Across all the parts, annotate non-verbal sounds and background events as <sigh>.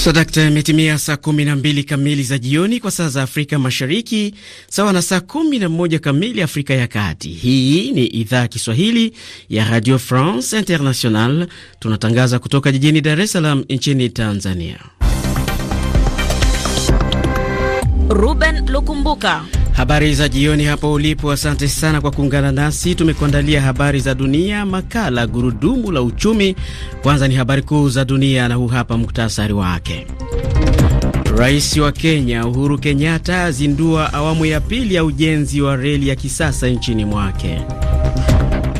sadakta imetimia saa kumi na mbili kamili za jioni kwa saa za Afrika Mashariki, sawa na saa kumi na moja kamili Afrika ya Kati. Hii ni idhaa Kiswahili ya Radio France International, tunatangaza kutoka jijini Dar es Salaam nchini Tanzania. Ruben Lukumbuka. Habari za jioni hapo ulipo. Asante sana kwa kuungana nasi. Tumekuandalia habari za dunia, makala gurudumu la uchumi. Kwanza ni habari kuu za dunia, na huu hapa muktasari wake. Rais wa Kenya Uhuru Kenyatta azindua awamu ya pili ya ujenzi wa reli ya kisasa nchini mwake.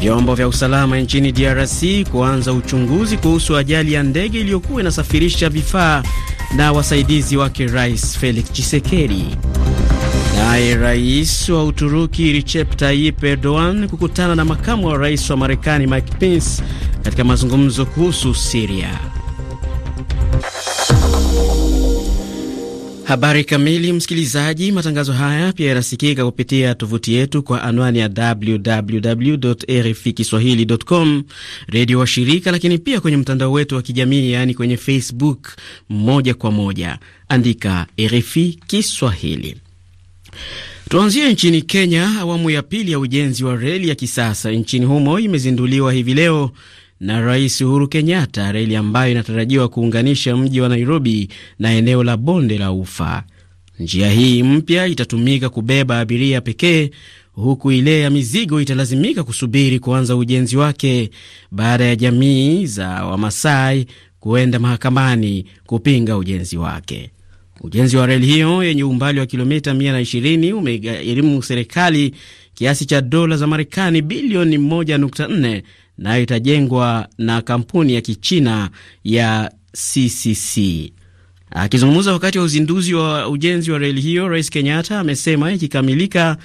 Vyombo vya usalama nchini DRC kuanza uchunguzi kuhusu ajali ya ndege iliyokuwa inasafirisha vifaa na wasaidizi wake Rais Felix Tshisekedi. Naye rais wa Uturuki Recep Tayyip Erdogan kukutana na makamu wa rais wa Marekani Mike Pence katika mazungumzo kuhusu Siria. Habari kamili, msikilizaji. Matangazo haya pia yanasikika kupitia tovuti yetu kwa anwani ya www RFI kiswahilicom, redio wa shirika, lakini pia kwenye mtandao wetu wa kijamii, yaani kwenye Facebook moja kwa moja, andika RFI Kiswahili. Tuanzie nchini Kenya. Awamu ya pili ya ujenzi wa reli ya kisasa nchini humo imezinduliwa hivi leo na Rais Uhuru Kenyatta, reli ambayo inatarajiwa kuunganisha mji wa Nairobi na eneo la bonde la Ufa. Njia hii mpya itatumika kubeba abiria pekee, huku ile ya mizigo italazimika kusubiri kuanza ujenzi wake baada ya jamii za Wamasai kuenda mahakamani kupinga ujenzi wake. Ujenzi wa reli hiyo yenye umbali wa kilomita 120 umegharimu serikali kiasi cha dola za Marekani bilioni 1.4 nayo itajengwa na kampuni ya Kichina ya CCC. Akizungumza wakati wa uzinduzi wa ujenzi wa reli hiyo, Rais Kenyatta amesema ikikamilika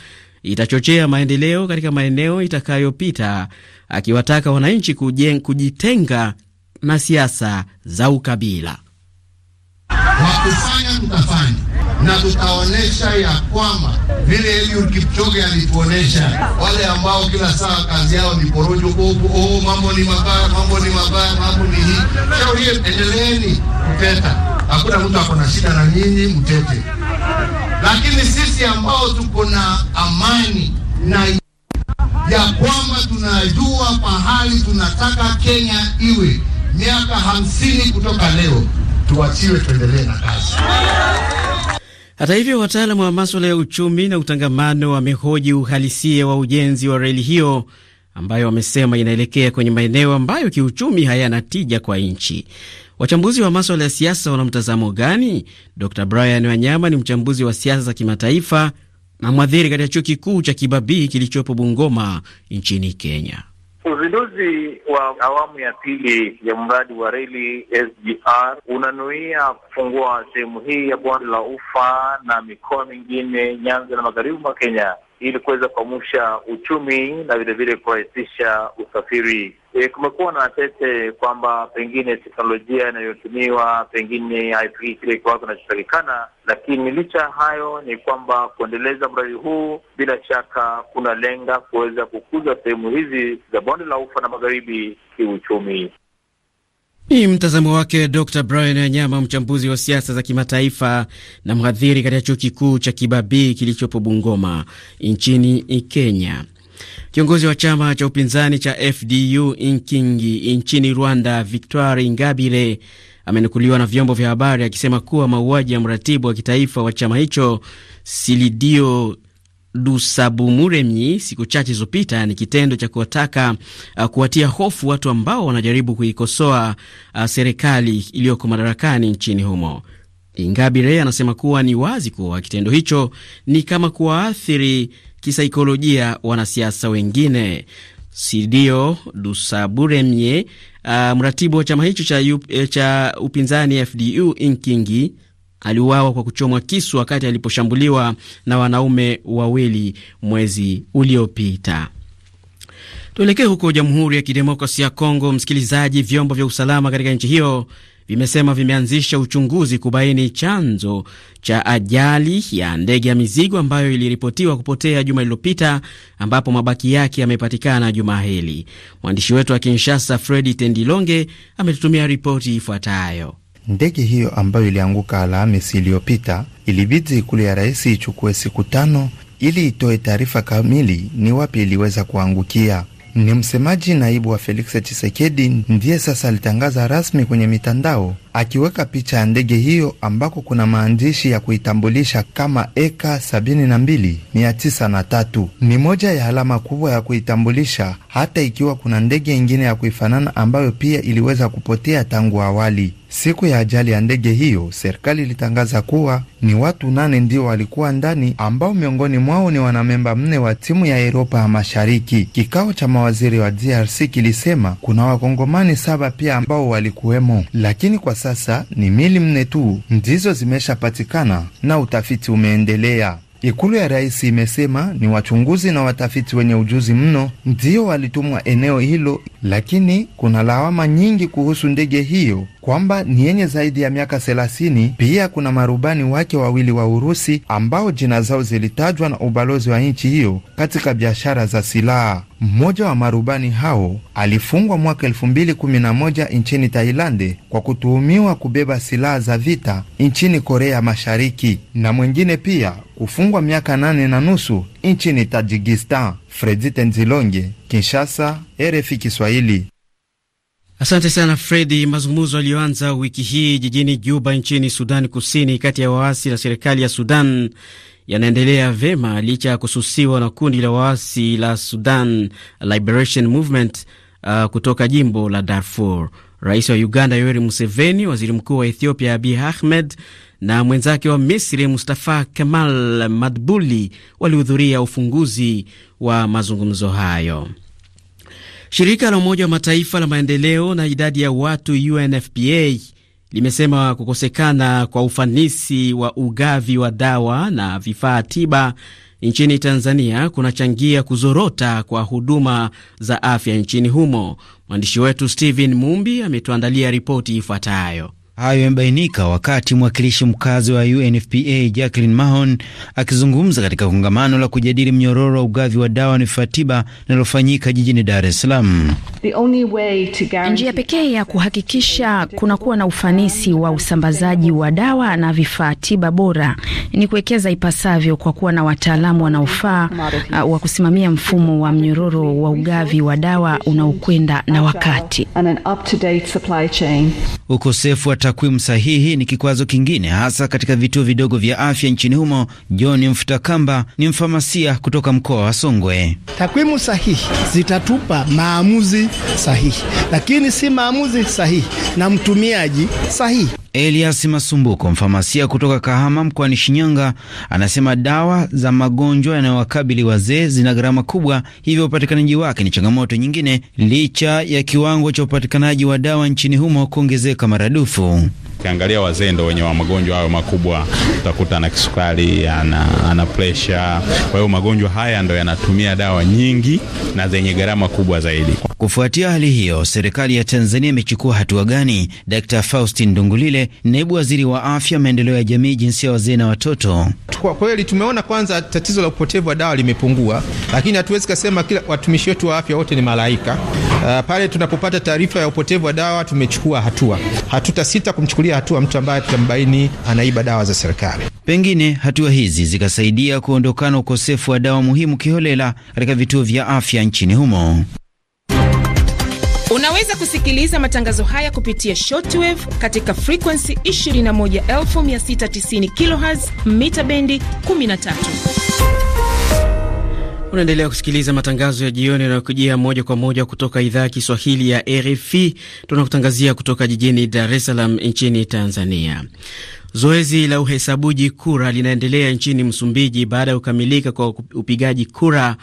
itachochea maendeleo katika maeneo itakayopita, akiwataka wananchi kujitenga na siasa za ukabila wa kufanya tutafanya na tutaonesha ya kwamba vile Eliud Kipchoge alituonesha, wale ambao kila saa kazi yao ni porojo, oh, oh, oh, mambo ni mabaya, mambo ni mabaya, mambo ni hii. Shauri endeleeni kuteta, hakuna mtu ako na shida na nyinyi, mtete. Lakini sisi ambao tuko na amani na ya kwamba tunajua pahali tunataka Kenya iwe miaka hamsini kutoka leo tuachiwe tuendelee na kazi. Hata hivyo, wataalamu wa maswala ya uchumi na utangamano wamehoji uhalisia wa ujenzi wa reli hiyo ambayo wamesema inaelekea kwenye maeneo ambayo kiuchumi hayana tija kwa nchi. Wachambuzi wa maswala ya siasa wana mtazamo gani? Dr Brian Wanyama ni mchambuzi wa siasa za kimataifa na mwadhiri katika chuo kikuu cha Kibabii kilichopo Bungoma nchini Kenya. Uzinduzi wa awamu ya pili ya mradi wa reli SGR unanuia kufungua sehemu hii ya bonde la Ufa na mikoa mingine Nyanza na magharibi mwa Kenya ili kuweza kuamsha uchumi na vilevile kurahisisha usafiri. E, kumekuwa na tete kwamba pengine teknolojia inayotumiwa pengine haifiki kile kiwango kinachotakikana, lakini licha ya hayo ni kwamba kuendeleza mradi huu bila shaka kuna lenga kuweza kukuza sehemu hizi za bonde la ufa na magharibi kiuchumi. Ni mtazamo wake Dr Brian Wanyama, mchambuzi wa siasa za kimataifa na mhadhiri katika chuo kikuu cha Kibabii kilichopo Bungoma nchini Kenya. Kiongozi wa chama cha upinzani cha FDU Inkingi nchini Rwanda, Victoire Ingabire amenukuliwa na vyombo vya habari akisema kuwa mauaji ya mratibu wa kitaifa wa chama hicho Silidio Dusabumuremyi siku chache zilizopita ni kitendo cha kuwataka uh, kuwatia hofu watu ambao wanajaribu kuikosoa uh, serikali iliyoko madarakani nchini humo. Ingabire anasema kuwa ni wazi kuwa kitendo hicho ni kama kuwaathiri kisaikolojia wanasiasa wengine. Sidio Dusaburemye, uh, mratibu wa chama hicho cha, eh, cha upinzani FDU Inkingi aliuawa kwa kuchomwa kisu wakati aliposhambuliwa na wanaume wawili mwezi uliopita. Tuelekee huko Jamhuri ya Kidemokrasia ya Kongo, msikilizaji. Vyombo vya usalama katika nchi hiyo vimesema vimeanzisha uchunguzi kubaini chanzo cha ajali ya ndege ya mizigo ambayo iliripotiwa kupotea juma lililopita, ambapo mabaki yake yamepatikana juma hili. Mwandishi wetu wa Kinshasa, Fredi Tendilonge, ametutumia ripoti ifuatayo. Ndege hiyo ambayo ilianguka Alhamisi iliyopita ilibidi ikulu ya rais ichukue siku tano ili itoe taarifa kamili ni wapi iliweza kuangukia. Ni msemaji naibu wa Felix chisekedi ndiye sasa alitangaza rasmi kwenye mitandao akiweka picha ya ndege hiyo ambako kuna maandishi ya kuitambulisha kama eka 72903. Ni moja ya alama kubwa ya kuitambulisha, hata ikiwa kuna ndege ingine ya kuifanana ambayo pia iliweza kupotea tangu awali. Siku ya ajali ya ndege hiyo, serikali ilitangaza kuwa ni watu nane ndio walikuwa ndani, ambao miongoni mwao ni wanamemba mne wa timu ya Europa ya Mashariki. Kikao cha mawaziri wa DRC kilisema kuna wakongomani saba pia ambao walikuwemo, lakini kwa sasa ni mili mne tu ndizo zimeshapatikana na utafiti umeendelea. Ikulu ya rais imesema ni wachunguzi na watafiti wenye ujuzi mno ndio walitumwa eneo hilo, lakini kuna lawama nyingi kuhusu ndege hiyo kwamba ni yenye zaidi ya miaka thelathini. Pia kuna marubani wake wawili wa Urusi ambao jina zao zilitajwa na ubalozi wa nchi hiyo katika biashara za silaha. Mmoja wa marubani hao alifungwa mwaka 2011 nchini Tailande kwa kutuhumiwa kubeba silaha za vita nchini Korea Mashariki, na mwingine pia kufungwa miaka nane na nusu nchini Tajikistan. Fredi Tenzilonge, Kinshasa, RFI Kiswahili. Asante sana Fredi. Mazungumzo yaliyoanza wiki hii jijini Juba nchini Sudan Kusini kati ya waasi na serikali ya Sudan yanaendelea vema licha ya kususiwa na kundi la waasi la Sudan Liberation Movement uh, kutoka jimbo la Darfur. Rais wa Uganda Yoweri Museveni, waziri mkuu wa Ethiopia Abiy Ahmed na mwenzake wa Misri Mustafa Kemal Madbuli walihudhuria ufunguzi wa mazungumzo hayo. Shirika la Umoja wa Mataifa la maendeleo na idadi ya watu UNFPA limesema kukosekana kwa ufanisi wa ugavi wa dawa na vifaa tiba nchini Tanzania kunachangia kuzorota kwa huduma za afya nchini humo. Mwandishi wetu stephen Mumbi ametuandalia ripoti ifuatayo. Hayo yamebainika wakati mwakilishi mkazi wa UNFPA Jacqueline Mahon akizungumza katika kongamano la kujadili mnyororo wa ugavi wa dawa na linalofanyika jijini Dar es Salaam. Njia pekee ya kuhakikisha kunakuwa na ufanisi wa usambazaji wa dawa na vifaa tiba bora ni kuwekeza ipasavyo kwa kuwa na wataalamu wanaofaa uh, wa kusimamia mfumo wa mnyororo wa ugavi wa dawa unaokwenda na wakati. Ukosefu wa takwimu sahihi ni kikwazo kingine, hasa katika vituo vidogo vya afya nchini humo. John Mfutakamba ni mfamasia kutoka mkoa wa Songwe. Takwimu sahihi zitatupa maamuzi sahihi, lakini si maamuzi sahihi na mtumiaji sahihi. Elias Masumbuko, mfamasia kutoka Kahama mkoani Shinyanga, anasema dawa za magonjwa yanayowakabili wazee zina gharama kubwa, hivyo upatikanaji wake ni changamoto nyingine, licha ya kiwango cha upatikanaji wa dawa nchini humo kuongezeka maradufu. Ukiangalia wazee ndo wenye wa magonjwa hayo makubwa, utakuta ana kisukari, ana, ana presha. Kwa hiyo magonjwa haya ndo yanatumia dawa nyingi na zenye gharama kubwa zaidi. Kufuatia hali hiyo, serikali ya Tanzania imechukua hatua gani? Dkt. Faustin Ndungulile, naibu waziri wa afya, maendeleo ya jamii, jinsia ya wazee na watoto. Kwa kweli tumeona kwanza tatizo la upotevu wa dawa limepungua, lakini hatuwezi kusema kila watumishi wetu wa afya wote ni malaika. Uh, pale tunapopata taarifa ya upotevu wa dawa tumechukua hatua, hatutasita kumchukulia kuchukulia hatua mtu ambaye tutambaini anaiba dawa za serikali. Pengine hatua hizi zikasaidia kuondokana ukosefu wa dawa muhimu kiholela katika vituo vya afya nchini humo. Unaweza kusikiliza matangazo haya kupitia shortwave katika frequency 21690 kHz mita bendi 13. Unaendelea kusikiliza matangazo ya jioni yanayokujia moja kwa moja kutoka idhaa ya Kiswahili ya RFI. Tunakutangazia kutoka jijini Dar es Salaam nchini Tanzania. Zoezi la uhesabuji kura linaendelea nchini Msumbiji baada ya kukamilika kwa upigaji kura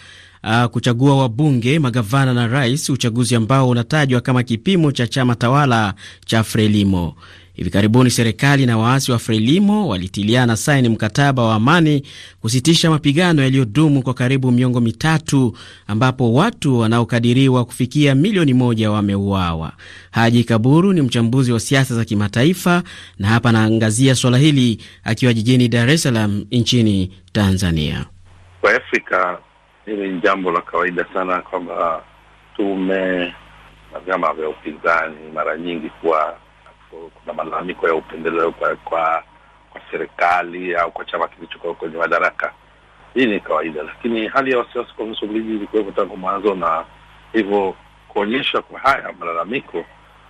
uh, kuchagua wabunge, magavana na rais, uchaguzi ambao unatajwa kama kipimo cha chama tawala cha Frelimo. Hivi karibuni serikali na waasi wa Frelimo walitiliana saini mkataba wa amani kusitisha mapigano yaliyodumu kwa karibu miongo mitatu, ambapo watu wanaokadiriwa kufikia milioni moja wameuawa. Haji Kaburu ni mchambuzi wa siasa za kimataifa na hapa anaangazia swala hili akiwa jijini Dar es Salaam nchini Tanzania. Kwa Afrika hili ni jambo la kawaida sana kwamba tume na vyama vya upinzani mara nyingi kuwa kuna malalamiko ya upendeleo kwa kwa, kwa serikali au kwa chama kilichokuwa kwenye madaraka. Hii ni kawaida, lakini hali ya wasiwasi kwa Msumbiji ilikuwepo tangu mwanzo, na hivyo kuonyesha kwa haya malalamiko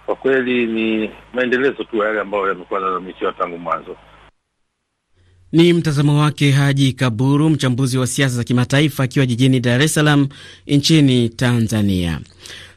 kwa kweli ni maendelezo tu yale ambayo yamekuwa yalalamikiwa tangu mwanzo. Ni mtazamo wake Haji Kaburu, mchambuzi wa siasa za kimataifa, akiwa jijini Dar es Salaam nchini Tanzania.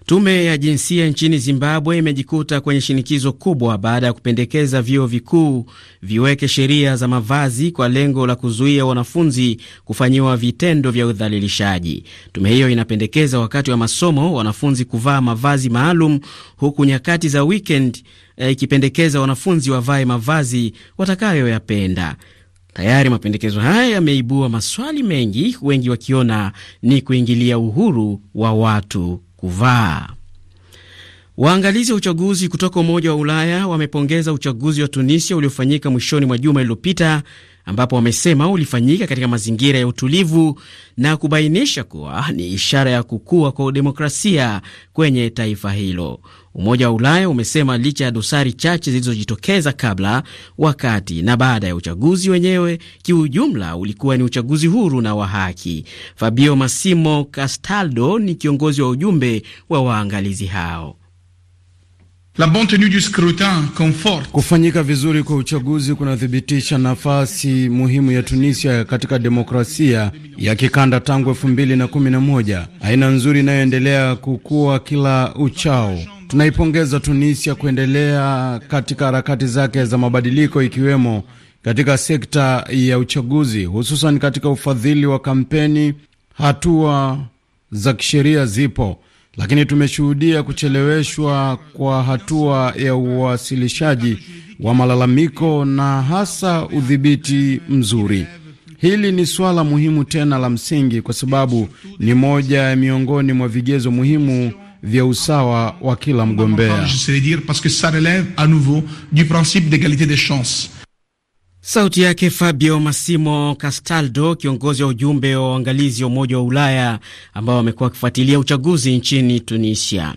Tume ya jinsia nchini Zimbabwe imejikuta kwenye shinikizo kubwa baada ya kupendekeza vyuo vikuu viweke sheria za mavazi kwa lengo la kuzuia wanafunzi kufanyiwa vitendo vya udhalilishaji. Tume hiyo inapendekeza wakati wa masomo wanafunzi kuvaa mavazi maalum, huku nyakati za wikendi eh, ikipendekeza eh, wanafunzi wavae mavazi watakayoyapenda. Tayari mapendekezo haya yameibua maswali mengi, wengi wakiona ni kuingilia uhuru wa watu kuvaa. Waangalizi wa uchaguzi kutoka Umoja wa Ulaya wamepongeza uchaguzi wa Tunisia uliofanyika mwishoni mwa juma lililopita ambapo wamesema ulifanyika katika mazingira ya utulivu na kubainisha kuwa ni ishara ya kukua kwa demokrasia kwenye taifa hilo. Umoja wa Ulaya umesema licha ya dosari chache zilizojitokeza kabla, wakati na baada ya uchaguzi wenyewe, kiujumla ulikuwa ni uchaguzi huru na wa haki. Fabio Massimo Castaldo ni kiongozi wa ujumbe wa waangalizi hao. La bonne tenue du scrutin conforte. Kufanyika vizuri kwa uchaguzi kunathibitisha nafasi muhimu ya Tunisia katika demokrasia ya kikanda tangu elfu mbili na kumi na moja, aina nzuri inayoendelea kukua kila uchao. Tunaipongeza Tunisia kuendelea katika harakati zake za mabadiliko ikiwemo katika sekta ya uchaguzi, hususan katika ufadhili wa kampeni. Hatua za kisheria zipo lakini tumeshuhudia kucheleweshwa kwa hatua ya uwasilishaji wa malalamiko na hasa udhibiti mzuri. Hili ni suala muhimu tena la msingi, kwa sababu ni moja ya miongoni mwa vigezo muhimu vya usawa wa kila mgombea. Sauti yake Fabio Massimo Castaldo, kiongozi wa ujumbe wa uangalizi wa Umoja wa Ulaya ambao wamekuwa wakifuatilia uchaguzi nchini Tunisia.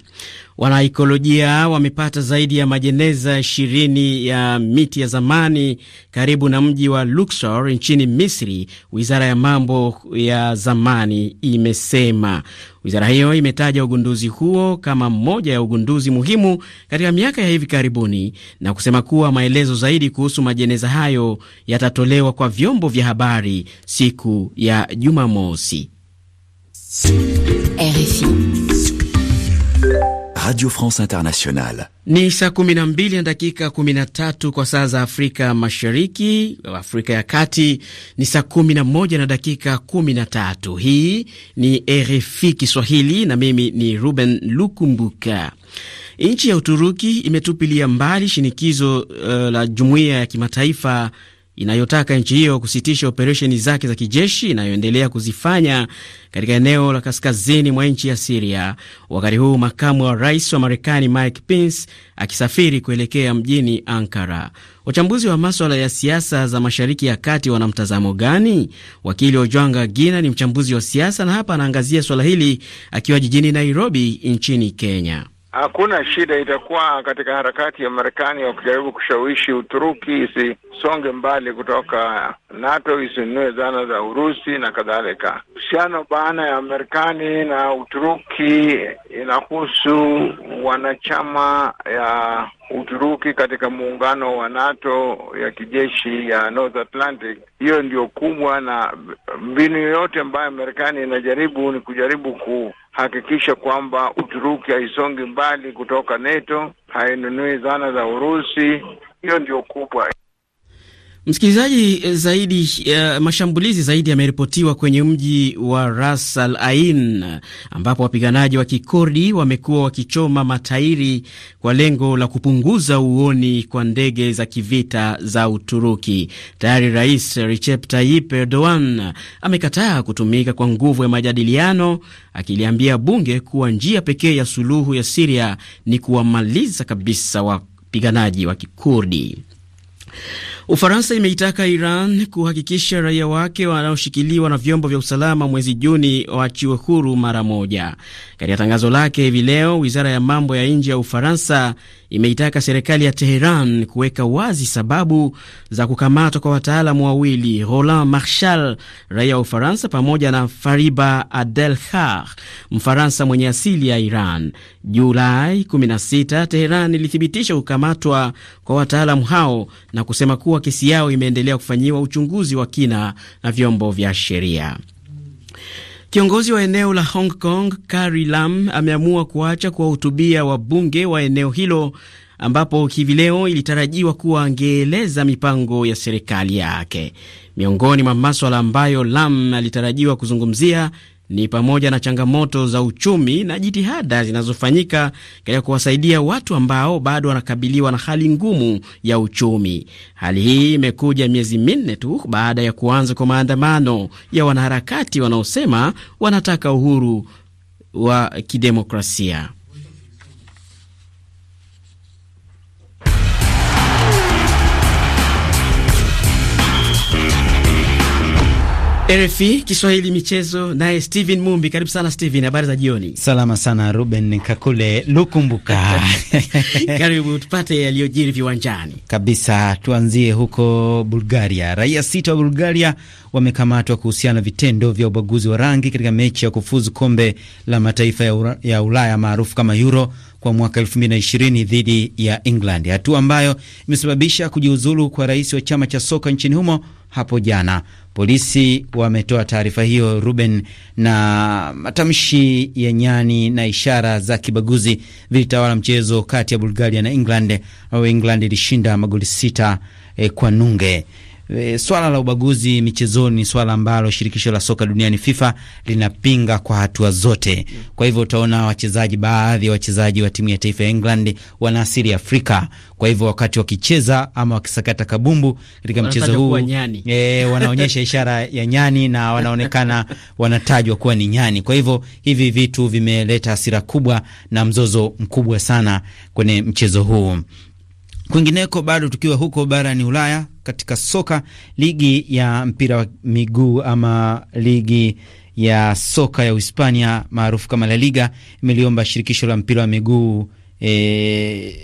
Wanaikolojia wamepata zaidi ya majeneza ishirini ya miti ya zamani karibu na mji wa Luxor nchini Misri, wizara ya mambo ya zamani imesema. Wizara hiyo imetaja ugunduzi huo kama mmoja ya ugunduzi muhimu katika miaka ya hivi karibuni na kusema kuwa maelezo zaidi kuhusu majeneza hayo yatatolewa kwa vyombo vya habari siku ya Jumamosi. RFI Radio France Internationale. Ni saa kumi na mbili na dakika kumi na tatu kwa saa za Afrika Mashariki, Afrika ya Kati ni saa kumi na moja na dakika kumi na tatu Hii ni RFI Kiswahili na mimi ni Ruben Lukumbuka. Nchi ya Uturuki imetupilia mbali shinikizo uh, la jumuiya ya kimataifa inayotaka nchi hiyo kusitisha operesheni zake za kijeshi inayoendelea kuzifanya katika eneo la kaskazini mwa nchi ya Siria, wakati huu makamu wa rais wa Marekani Mike Pence akisafiri kuelekea mjini Ankara. Wachambuzi wa maswala ya siasa za Mashariki ya Kati wana mtazamo gani? Wakili Ojwanga Gina ni mchambuzi wa siasa na hapa anaangazia swala hili akiwa jijini Nairobi nchini Kenya. Hakuna shida, itakuwa katika harakati ya Marekani ya kujaribu kushawishi Uturuki isisonge mbali kutoka NATO, isinunue zana za Urusi na kadhalika. Uhusiano baina ya Marekani na Uturuki inahusu wanachama ya Uturuki katika muungano wa NATO ya kijeshi ya North Atlantic. Hiyo ndio kubwa, na mbinu yoyote ambayo Marekani inajaribu ni kujaribu kuhakikisha kwamba Uturuki haisongi mbali kutoka NATO, hainunui zana za Urusi. Hiyo ndio kubwa. Msikilizaji, eh, zaidi uh, mashambulizi zaidi yameripotiwa kwenye mji wa Ras Al Ain ambapo wapiganaji wa Kikurdi wamekuwa wakichoma matairi kwa lengo la kupunguza uoni kwa ndege za kivita za Uturuki. Tayari Rais Recep Tayyip Erdogan amekataa kutumika kwa nguvu ya majadiliano, akiliambia bunge kuwa njia pekee ya suluhu ya Siria ni kuwamaliza kabisa wapiganaji wa Kikurdi. Ufaransa imeitaka Iran kuhakikisha raia wake wanaoshikiliwa na vyombo vya usalama mwezi Juni waachiwe huru mara moja. Katika tangazo lake hivi leo, wizara ya mambo ya nje ya Ufaransa imeitaka serikali ya Teheran kuweka wazi sababu za kukamatwa kwa wataalamu wawili Roland Marshal, raia wa Ufaransa, pamoja na Fariba Adelkhar, Mfaransa mwenye asili ya Iran. Julai 16 Teheran ilithibitisha kukamatwa kwa wataalamu hao na kusema kuwa kesi yao imeendelea kufanyiwa uchunguzi wa kina na vyombo vya sheria. Kiongozi wa eneo la Hong Kong Carrie Lam ameamua kuacha kuwahutubia wabunge wa eneo hilo ambapo hivi leo ilitarajiwa kuwa angeeleza mipango ya serikali yake. Miongoni mwa maswala ambayo Lam alitarajiwa kuzungumzia ni pamoja na changamoto za uchumi na jitihada zinazofanyika katika kuwasaidia watu ambao bado wanakabiliwa na hali ngumu ya uchumi. Hali hii imekuja miezi minne tu baada ya kuanza kwa maandamano ya wanaharakati wanaosema wanataka uhuru wa kidemokrasia. RFI Kiswahili michezo, naye Steven Mumbi. Karibu sana Steven, habari za jioni? Salama sana Ruben Kakule Lukumbuka. <laughs> Karibu tupate yaliyojiri viwanjani. Kabisa, tuanzie huko Bulgaria. Raia sita wa Bulgaria wamekamatwa kuhusiana na vitendo vya ubaguzi wa rangi katika mechi ya kufuzu kombe la mataifa ya, ura, ya Ulaya maarufu kama Euro kwa mwaka 2020 dhidi ya England, hatua ambayo imesababisha kujiuzulu kwa rais wa chama cha soka nchini humo hapo jana. Polisi wametoa taarifa hiyo, Ruben, na matamshi ya nyani na ishara za kibaguzi vilitawala mchezo kati ya Bulgaria na England, ambayo England ilishinda magoli sita eh, kwa nunge. E, swala la ubaguzi michezoni ni swala ambalo shirikisho la soka duniani FIFA linapinga kwa hatua zote. Kwa hivyo utaona wachezaji, baadhi ya wachezaji wa timu ya taifa ya England wana asili Afrika. Kwa hivyo wakati wakicheza ama wakisakata kabumbu katika mchezo huu e, wanaonyesha ishara ya nyani na wanaonekana wanatajwa kuwa ni nyani. Kwa hivyo hivi vitu vimeleta hasira kubwa na mzozo mkubwa sana kwenye mchezo huu. Kwingineko bado tukiwa huko barani Ulaya, katika soka, ligi ya mpira wa miguu ama ligi ya soka ya Uhispania maarufu kama La Liga imeliomba shirikisho la mpira wa miguu e,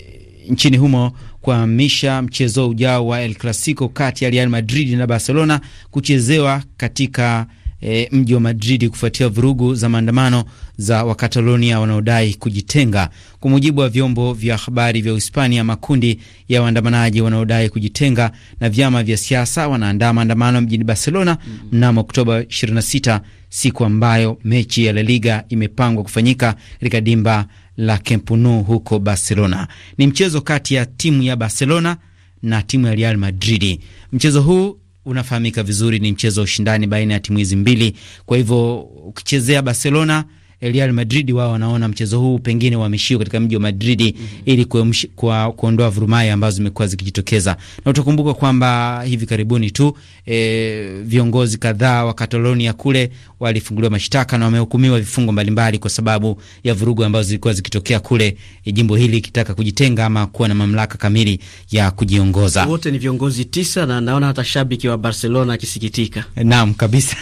nchini humo kuhamisha mchezo ujao wa El Clasico kati ya Real Madrid na Barcelona kuchezewa katika e, mji wa Madridi kufuatia vurugu za maandamano za Wakatalonia wanaodai kujitenga. Kwa mujibu wa vyombo vya habari vya Uhispania, makundi ya waandamanaji wanaodai kujitenga na vyama vya siasa wanaandaa maandamano mjini Barcelona mm -hmm. mnamo Oktoba 26 siku ambayo mechi ya La Liga imepangwa kufanyika katika dimba la Camp Nou huko Barcelona. Ni mchezo kati ya timu ya Barcelona na timu ya Real Madridi. Mchezo huu unafahamika vizuri, ni mchezo wa ushindani baina ya timu hizi mbili. Kwa hivyo ukichezea Barcelona Real Madrid wao wanaona mchezo huu pengine wameshiwa katika mji wa Madridi mm -hmm. ili kuondoa vurumai ambazo zimekuwa zikijitokeza, na utakumbuka kwamba hivi karibuni tu e, viongozi kadhaa wa Catalonia kule walifunguliwa mashtaka na wamehukumiwa vifungo mbalimbali kwa sababu ya vurugu ambazo zilikuwa zikitokea kule, e, jimbo hili ikitaka kujitenga ama kuwa na mamlaka kamili ya kujiongoza. Wote ni viongozi tisa, na naona hata shabiki wa Barcelona akisikitika. Naam kabisa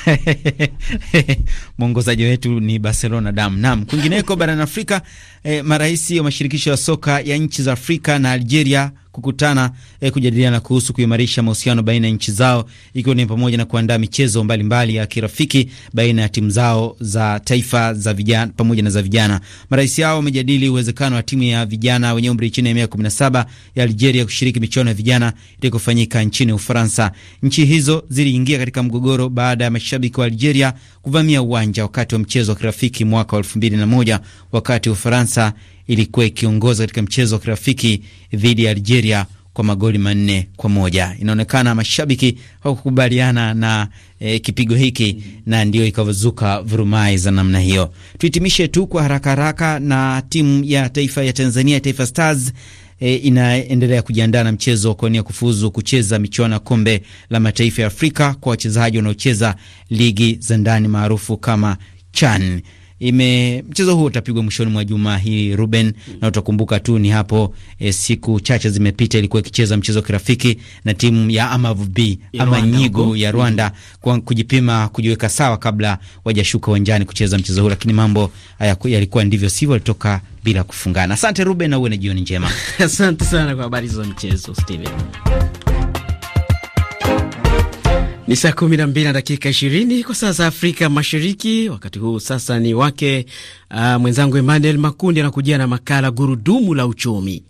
<laughs> mwongozaji wetu ni Barcelona mwanadamu. Naam, kwingineko barani Afrika, eh, marais wa mashirikisho ya soka ya nchi za Afrika na Algeria kukutana eh, kujadiliana kuhusu kuimarisha mahusiano baina ya nchi zao ikiwa ni pamoja na kuandaa michezo mbalimbali mbali ya kirafiki baina ya timu zao za taifa za vijana pamoja na za vijana. Marais hao wamejadili uwezekano wa timu ya vijana wenye umri chini ya miaka 17 ya Algeria kushiriki michuano ya vijana itakayofanyika nchini Ufaransa. Nchi hizo ziliingia katika mgogoro baada ya mashabiki wa Algeria kuvamia uwanja wakati wa mchezo wa kirafiki mwaka wa 2001 wakati Ufaransa ilikuwa ikiongoza katika mchezo wa kirafiki dhidi ya Algeria kwa magoli manne kwa moja. Inaonekana mashabiki hawakukubaliana na e, kipigo hiki mm, na ndio ikavuzuka vurumai za namna hiyo. Tuhitimishe tu kwa haraka haraka na timu ya taifa ya Tanzania, Taifa Stars E, inaendelea kujiandaa na mchezo wa kuwania kufuzu kucheza michuano ya kombe la mataifa ya Afrika kwa wachezaji wanaocheza ligi za ndani maarufu kama CHAN ime mchezo huo utapigwa mwishoni mwa juma hii Ruben, mm. na utakumbuka tu ni hapo e, siku chache zimepita ilikuwa ikicheza mchezo kirafiki na timu ya Amavubi B ama Nyigo ya Rwanda kwa kujipima kujiweka sawa kabla wajashuka uwanjani kucheza mchezo huu lakini mambo yalikuwa ndivyo sivyo, walitoka bila kufungana. Asante Ruben, na uwe na jioni njema. <laughs> Asante sana kwa habari za mchezo Steven. Ni saa kumi na mbili na dakika ishirini kwa saa za Afrika Mashariki. Wakati huu sasa ni wake uh, mwenzangu Emmanuel Makundi anakujia na makala gurudumu la uchumi.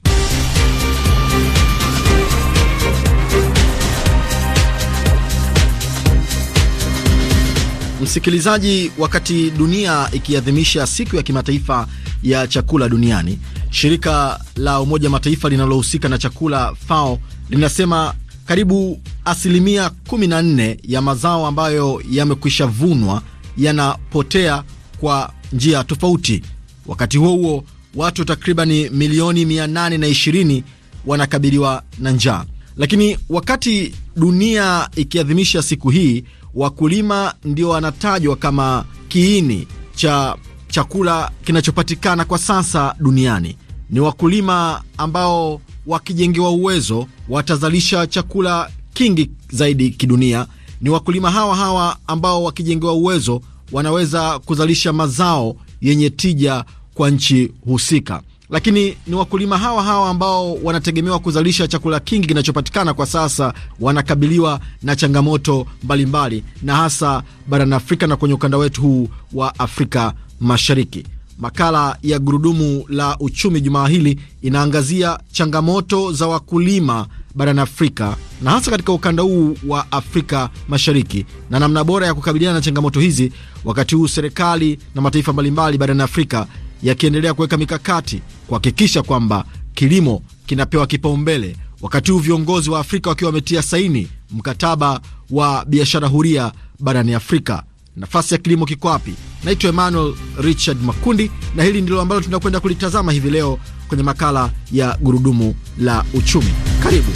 Msikilizaji, wakati dunia ikiadhimisha siku ya kimataifa ya chakula duniani, shirika la Umoja Mataifa linalohusika na chakula FAO linasema karibu asilimia 14 ya mazao ambayo yamekwisha vunwa yanapotea kwa njia tofauti. Wakati huo huo, watu takribani milioni 820 wanakabiliwa na njaa. Lakini wakati dunia ikiadhimisha siku hii, wakulima ndio wanatajwa kama kiini cha chakula kinachopatikana kwa sasa duniani. Ni wakulima ambao wakijengewa uwezo watazalisha chakula kingi zaidi kidunia. Ni wakulima hawa hawa ambao wakijengewa uwezo wanaweza kuzalisha mazao yenye tija kwa nchi husika, lakini ni wakulima hawa hawa ambao wanategemewa kuzalisha chakula kingi kinachopatikana kwa sasa wanakabiliwa na changamoto mbalimbali mbali, na hasa barani Afrika na kwenye ukanda wetu huu wa Afrika Mashariki. Makala ya gurudumu la uchumi jumaa hili inaangazia changamoto za wakulima barani Afrika na hasa katika ukanda huu wa Afrika Mashariki na namna bora ya kukabiliana na changamoto hizi, wakati huu serikali na mataifa mbalimbali barani Afrika yakiendelea kuweka mikakati kuhakikisha kwamba kilimo kinapewa kipaumbele, wakati huu viongozi wa Afrika wakiwa wametia saini mkataba wa biashara huria barani Afrika nafasi ya kilimo kiko wapi? Naitwa Emmanuel Richard Makundi, na hili ndilo ambalo tunakwenda kulitazama hivi leo kwenye makala ya gurudumu la uchumi. Karibu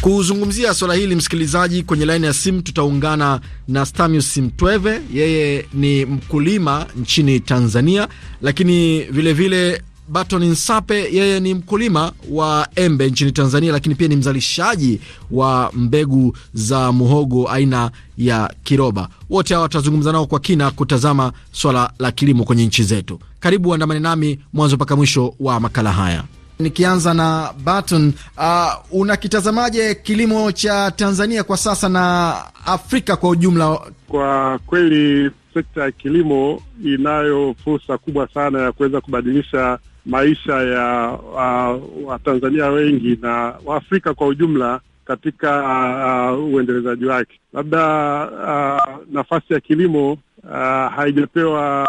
kuzungumzia swala hili msikilizaji. Kwenye laini ya simu tutaungana na Stamius Mtweve, yeye ni mkulima nchini Tanzania, lakini vilevile vile baton Nsape, yeye ni mkulima wa embe nchini Tanzania, lakini pia ni mzalishaji wa mbegu za muhogo aina ya Kiroba. Wote hawa tutazungumza nao kwa kina kutazama swala la kilimo kwenye nchi zetu. Karibu andamane nami mwanzo mpaka mwisho wa makala haya. Nikianza na Baton, uh, unakitazamaje kilimo cha Tanzania kwa sasa na Afrika kwa ujumla? Kwa kweli sekta ya kilimo inayo fursa kubwa sana ya kuweza kubadilisha maisha ya Watanzania wengi na Waafrika kwa ujumla katika uh, uh, uendelezaji wake. Labda uh, nafasi ya kilimo uh, haijapewa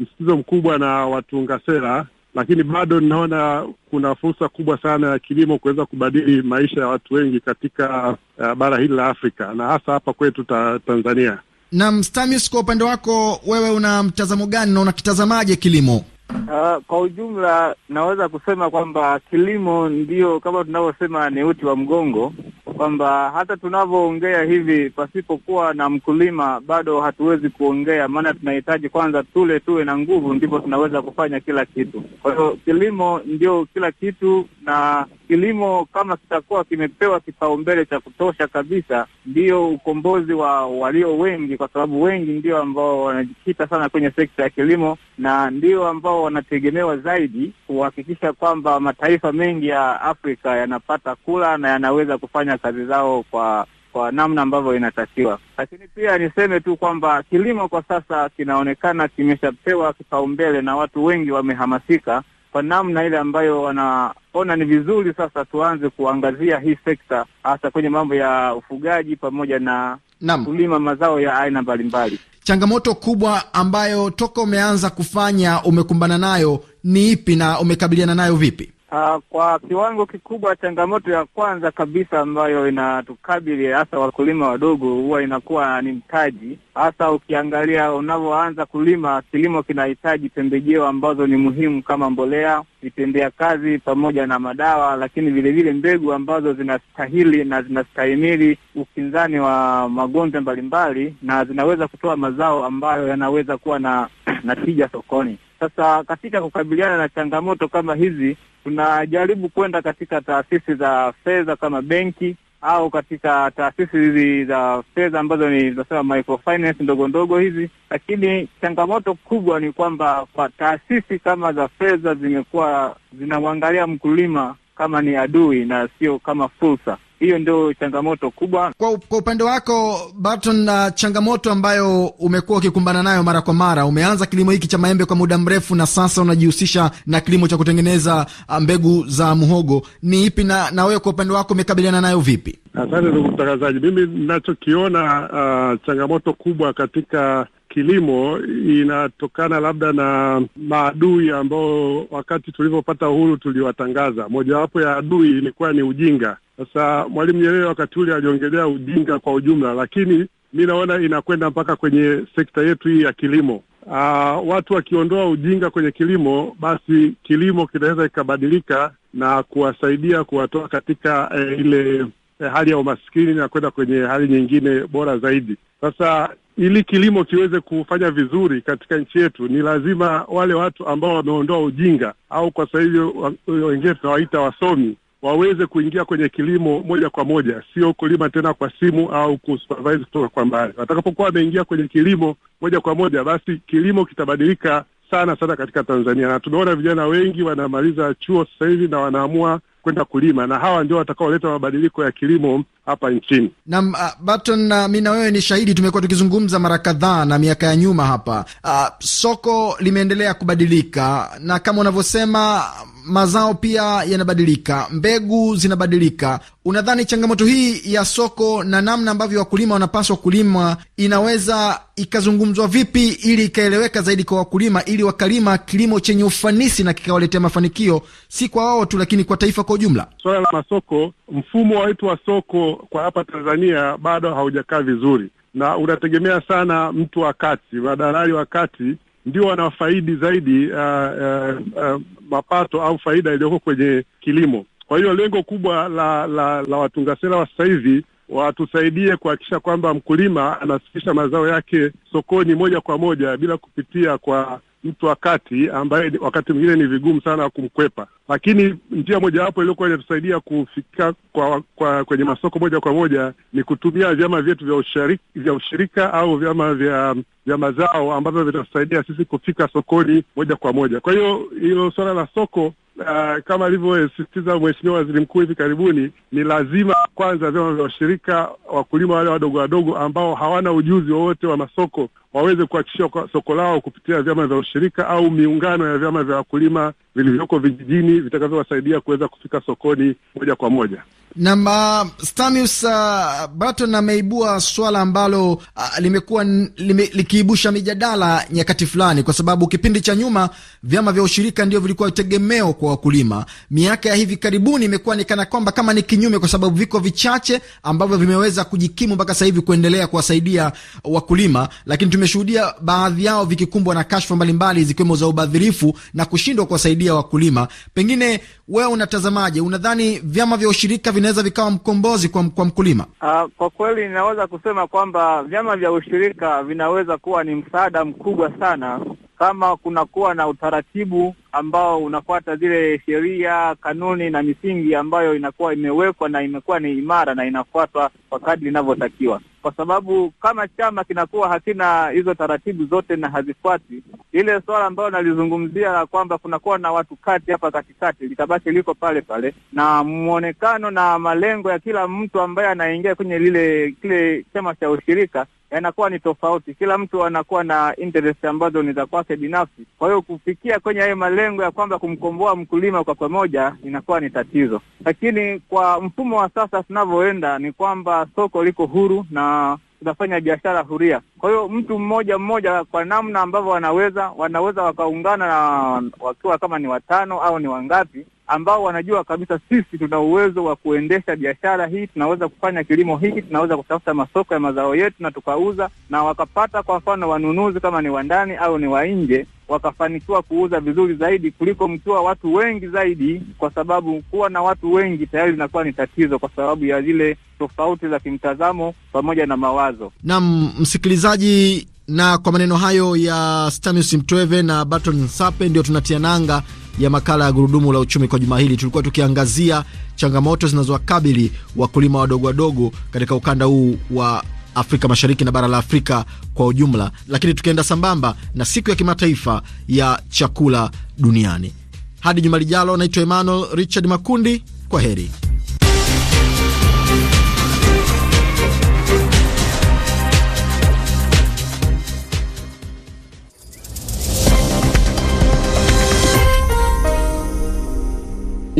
msitizo mkubwa na watunga sera, lakini bado ninaona kuna fursa kubwa sana ya kilimo kuweza kubadili maisha ya watu wengi katika uh, bara hili la Afrika na hasa hapa kwetu ta, Tanzania. Naam, Stamis, kwa upande wako wewe una mtazamo gani na unakitazamaje kilimo? Uh, kwa ujumla naweza kusema kwamba kilimo ndio kama tunavyosema ni uti wa mgongo, kwamba hata tunavyoongea hivi pasipokuwa na mkulima bado hatuwezi kuongea, maana tunahitaji kwanza tule tuwe na nguvu, ndipo tunaweza kufanya kila kitu. Kwa hiyo kilimo ndio kila kitu, na kilimo kama kitakuwa kimepewa kipaumbele cha kutosha kabisa, ndio ukombozi wa walio wengi, kwa sababu wengi ndio ambao wanajikita sana kwenye sekta ya kilimo na ndio ambao ambao wanategemewa zaidi kuhakikisha kwamba mataifa mengi ya Afrika yanapata kula na yanaweza kufanya kazi zao kwa kwa namna ambavyo inatakiwa. Lakini pia niseme tu kwamba kilimo kwa sasa kinaonekana kimeshapewa kipaumbele na watu wengi wamehamasika kwa namna ile ambayo wanaona ni vizuri. Sasa tuanze kuangazia hii sekta hasa kwenye mambo ya ufugaji pamoja na Naam. Kulima mazao ya aina mbalimbali. Changamoto kubwa ambayo toka umeanza kufanya umekumbana nayo ni ipi na umekabiliana nayo vipi? Uh, kwa kiwango kikubwa, changamoto ya kwanza kabisa ambayo inatukabili hasa wakulima wadogo huwa inakuwa ni mtaji. Hasa ukiangalia unavyoanza kulima, kilimo kinahitaji pembejeo ambazo ni muhimu kama mbolea, vitendea kazi pamoja na madawa, lakini vilevile mbegu ambazo zinastahili na zinastahimili ukinzani wa magonjwa mbalimbali na zinaweza kutoa mazao ambayo yanaweza kuwa na na tija sokoni. Sasa katika kukabiliana na changamoto kama hizi, tunajaribu kwenda katika taasisi za fedha kama benki au katika taasisi hizi za fedha ambazo ni tunasema microfinance ndogo ndogo hizi, lakini changamoto kubwa ni kwamba kwa taasisi kama za fedha zimekuwa zinamwangalia mkulima kama ni adui na sio kama fursa. Hiyo ndio changamoto kubwa kwa, kwa upande wako Barton, na changamoto ambayo umekuwa ukikumbana nayo mara kwa mara. Umeanza kilimo hiki cha maembe kwa muda mrefu, na sasa unajihusisha na kilimo cha kutengeneza ah, mbegu za muhogo. Ni ipi na, na wewe kwa upande wako umekabiliana nayo vipi? Asante ndugu mtangazaji, mimi ninachokiona uh, changamoto kubwa katika kilimo inatokana labda na maadui ambao wakati tulivyopata uhuru tuliwatangaza. Mojawapo ya adui ilikuwa ni ujinga. Sasa Mwalimu Nyerere wakati ule aliongelea ujinga kwa ujumla, lakini mi naona inakwenda mpaka kwenye sekta yetu hii ya kilimo. Aa, ah, watu wakiondoa ujinga kwenye kilimo, basi kilimo kinaweza kikabadilika na kuwasaidia kuwatoa katika eh, ile eh, hali ya umaskini na kwenda kwenye hali nyingine bora zaidi. Sasa ili kilimo kiweze kufanya vizuri katika nchi yetu, ni lazima wale watu ambao wameondoa ujinga au kwa sasa hivi wengine tunawaita wasomi waweze kuingia kwenye kilimo moja kwa moja, sio kulima tena kwa simu au kusupervise kutoka kwa mbali. Watakapokuwa wameingia kwenye kilimo moja kwa moja, basi kilimo kitabadilika sana sana katika Tanzania, na tumeona vijana wengi wanamaliza chuo sasa hivi na wanaamua kwenda kulima, na hawa ndio watakaoleta mabadiliko ya kilimo hapa nchini. Naam, uh, ah, Baton, uh, ah, mi na wewe ni shahidi, tumekuwa tukizungumza mara kadhaa na miaka ya nyuma hapa. Uh, soko limeendelea kubadilika na kama unavyosema mazao pia yanabadilika, mbegu zinabadilika. Unadhani changamoto hii ya soko na namna ambavyo wakulima wanapaswa kulima inaweza ikazungumzwa vipi ili ikaeleweka zaidi kwa wakulima, ili wakalima kilimo chenye ufanisi na kikawaletea mafanikio, si kwa wao tu, lakini kwa taifa kwa ujumla? Swala la masoko, mfumo wetu wa soko kwa hapa Tanzania bado haujakaa vizuri, na unategemea sana mtu wa kati, wadalali wa kati ndio wanafaidi zaidi uh, uh, uh, mapato au faida iliyoko kwenye kilimo kwa hiyo lengo kubwa la la, la watunga sera wa sasa hivi watusaidie kuhakikisha kwamba mkulima anafikisha mazao yake sokoni moja kwa moja bila kupitia kwa mtu wa kati ambaye wakati mwingine ni vigumu sana kumkwepa. Lakini njia mojawapo iliyokuwa inatusaidia kufika kwa, kwa kwenye masoko moja kwa moja ni kutumia vyama vyetu vya ushirika, vya ushirika au vyama vya vya mazao ambavyo vitatusaidia sisi kufika sokoni moja kwa moja. Kwa hiyo hilo suala la soko Uh, kama alivyosisitiza Mheshimiwa Waziri Mkuu hivi karibuni, ni lazima kwanza vyama vya washirika, wakulima wale wadogo wadogo ambao hawana ujuzi wowote wa masoko waweze kuhakikisha soko lao kupitia vyama vya ushirika au miungano ya vyama vya wakulima vilivyoko vijijini vitakavyowasaidia kuweza kufika sokoni moja kwa moja. Nam uh, Stanius uh, Barton ameibua swala ambalo uh, limekuwa lime, likiibusha mijadala nyakati fulani, kwa sababu kipindi cha nyuma vyama vya ushirika ndio vilikuwa tegemeo kwa wakulima. Miaka ya hivi karibuni imekuwa ni kana kwamba kama ni kinyume, kwa sababu viko vichache ambavyo vimeweza kujikimu mpaka sasa hivi kuendelea kuwasaidia wakulima, lakini vimeshuhudia baadhi yao vikikumbwa na kashfa mbalimbali zikiwemo za ubadhirifu na kushindwa kuwasaidia wakulima. Pengine wewe unatazamaje? Unadhani vyama vya ushirika vinaweza vikawa mkombozi kwa, kwa mkulima? Uh, kwa kweli ninaweza kusema kwamba vyama vya ushirika vinaweza kuwa ni msaada mkubwa sana kama kunakuwa na utaratibu ambao unafuata zile sheria, kanuni na misingi ambayo inakuwa imewekwa na imekuwa ni imara na inafuatwa kwa kadri inavyotakiwa, kwa sababu kama chama kinakuwa hakina hizo taratibu zote na hazifuati, ile swala ambayo nalizungumzia la kwamba kunakuwa na watu kati hapa katikati litabaki liko pale pale, na mwonekano na malengo ya kila mtu ambaye anaingia kwenye lile kile chama cha ushirika yanakuwa ni tofauti. Kila mtu anakuwa na interest ambazo ni za kwake binafsi. Kwa hiyo kufikia kwenye hayo malengo ya kwamba kumkomboa mkulima kwa pamoja inakuwa ni tatizo, lakini kwa mfumo wa sasa tunavyoenda ni kwamba soko liko huru na tunafanya biashara huria. Kwa hiyo mtu mmoja mmoja kwa namna ambavyo wanaweza wanaweza wakaungana na wakiwa kama ni watano au ni wangapi, ambao wanajua kabisa sisi tuna uwezo wa kuendesha biashara hii, tunaweza kufanya kilimo hiki, tunaweza kutafuta masoko ya mazao yetu na tukauza, na wakapata kwa mfano wanunuzi kama ni wa ndani au ni wa nje, wakafanikiwa kuuza vizuri zaidi kuliko mkiwa watu wengi zaidi, kwa sababu kuwa na watu wengi tayari linakuwa ni tatizo kwa sababu ya zile tofauti za kimtazamo pamoja na mawazo. Naam, msikilizaji, na kwa maneno hayo ya Stamius Mtweve na Barton Sape, ndio tunatia nanga ya makala ya gurudumu la uchumi kwa juma hili tulikuwa tukiangazia changamoto zinazowakabili wakulima wadogo wadogo katika ukanda huu wa Afrika Mashariki na bara la Afrika kwa ujumla, lakini tukienda sambamba na siku ya kimataifa ya chakula duniani. Hadi juma lijalo, naitwa Emmanuel Richard Makundi, kwa heri.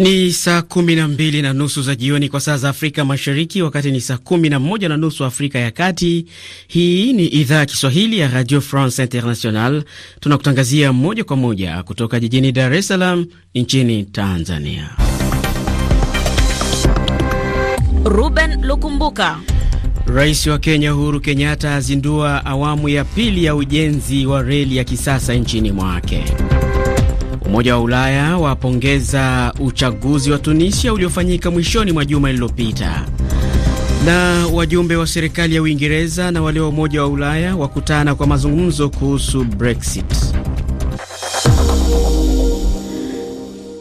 Ni saa kumi na mbili na nusu za jioni kwa saa za Afrika Mashariki, wakati ni saa kumi na moja na nusu Afrika ya Kati. Hii ni idhaa ya Kiswahili ya Radio France International, tunakutangazia moja kwa moja kutoka jijini Dar es Salaam nchini Tanzania. Ruben Lukumbuka. Rais wa Kenya Uhuru Kenyatta azindua awamu ya pili ya ujenzi wa reli ya kisasa nchini mwake. Umoja wa Ulaya wapongeza uchaguzi wa Tunisia uliofanyika mwishoni mwa juma lililopita. Na wajumbe wa serikali ya Uingereza na wale wa Umoja wa Ulaya wakutana kwa mazungumzo kuhusu Brexit.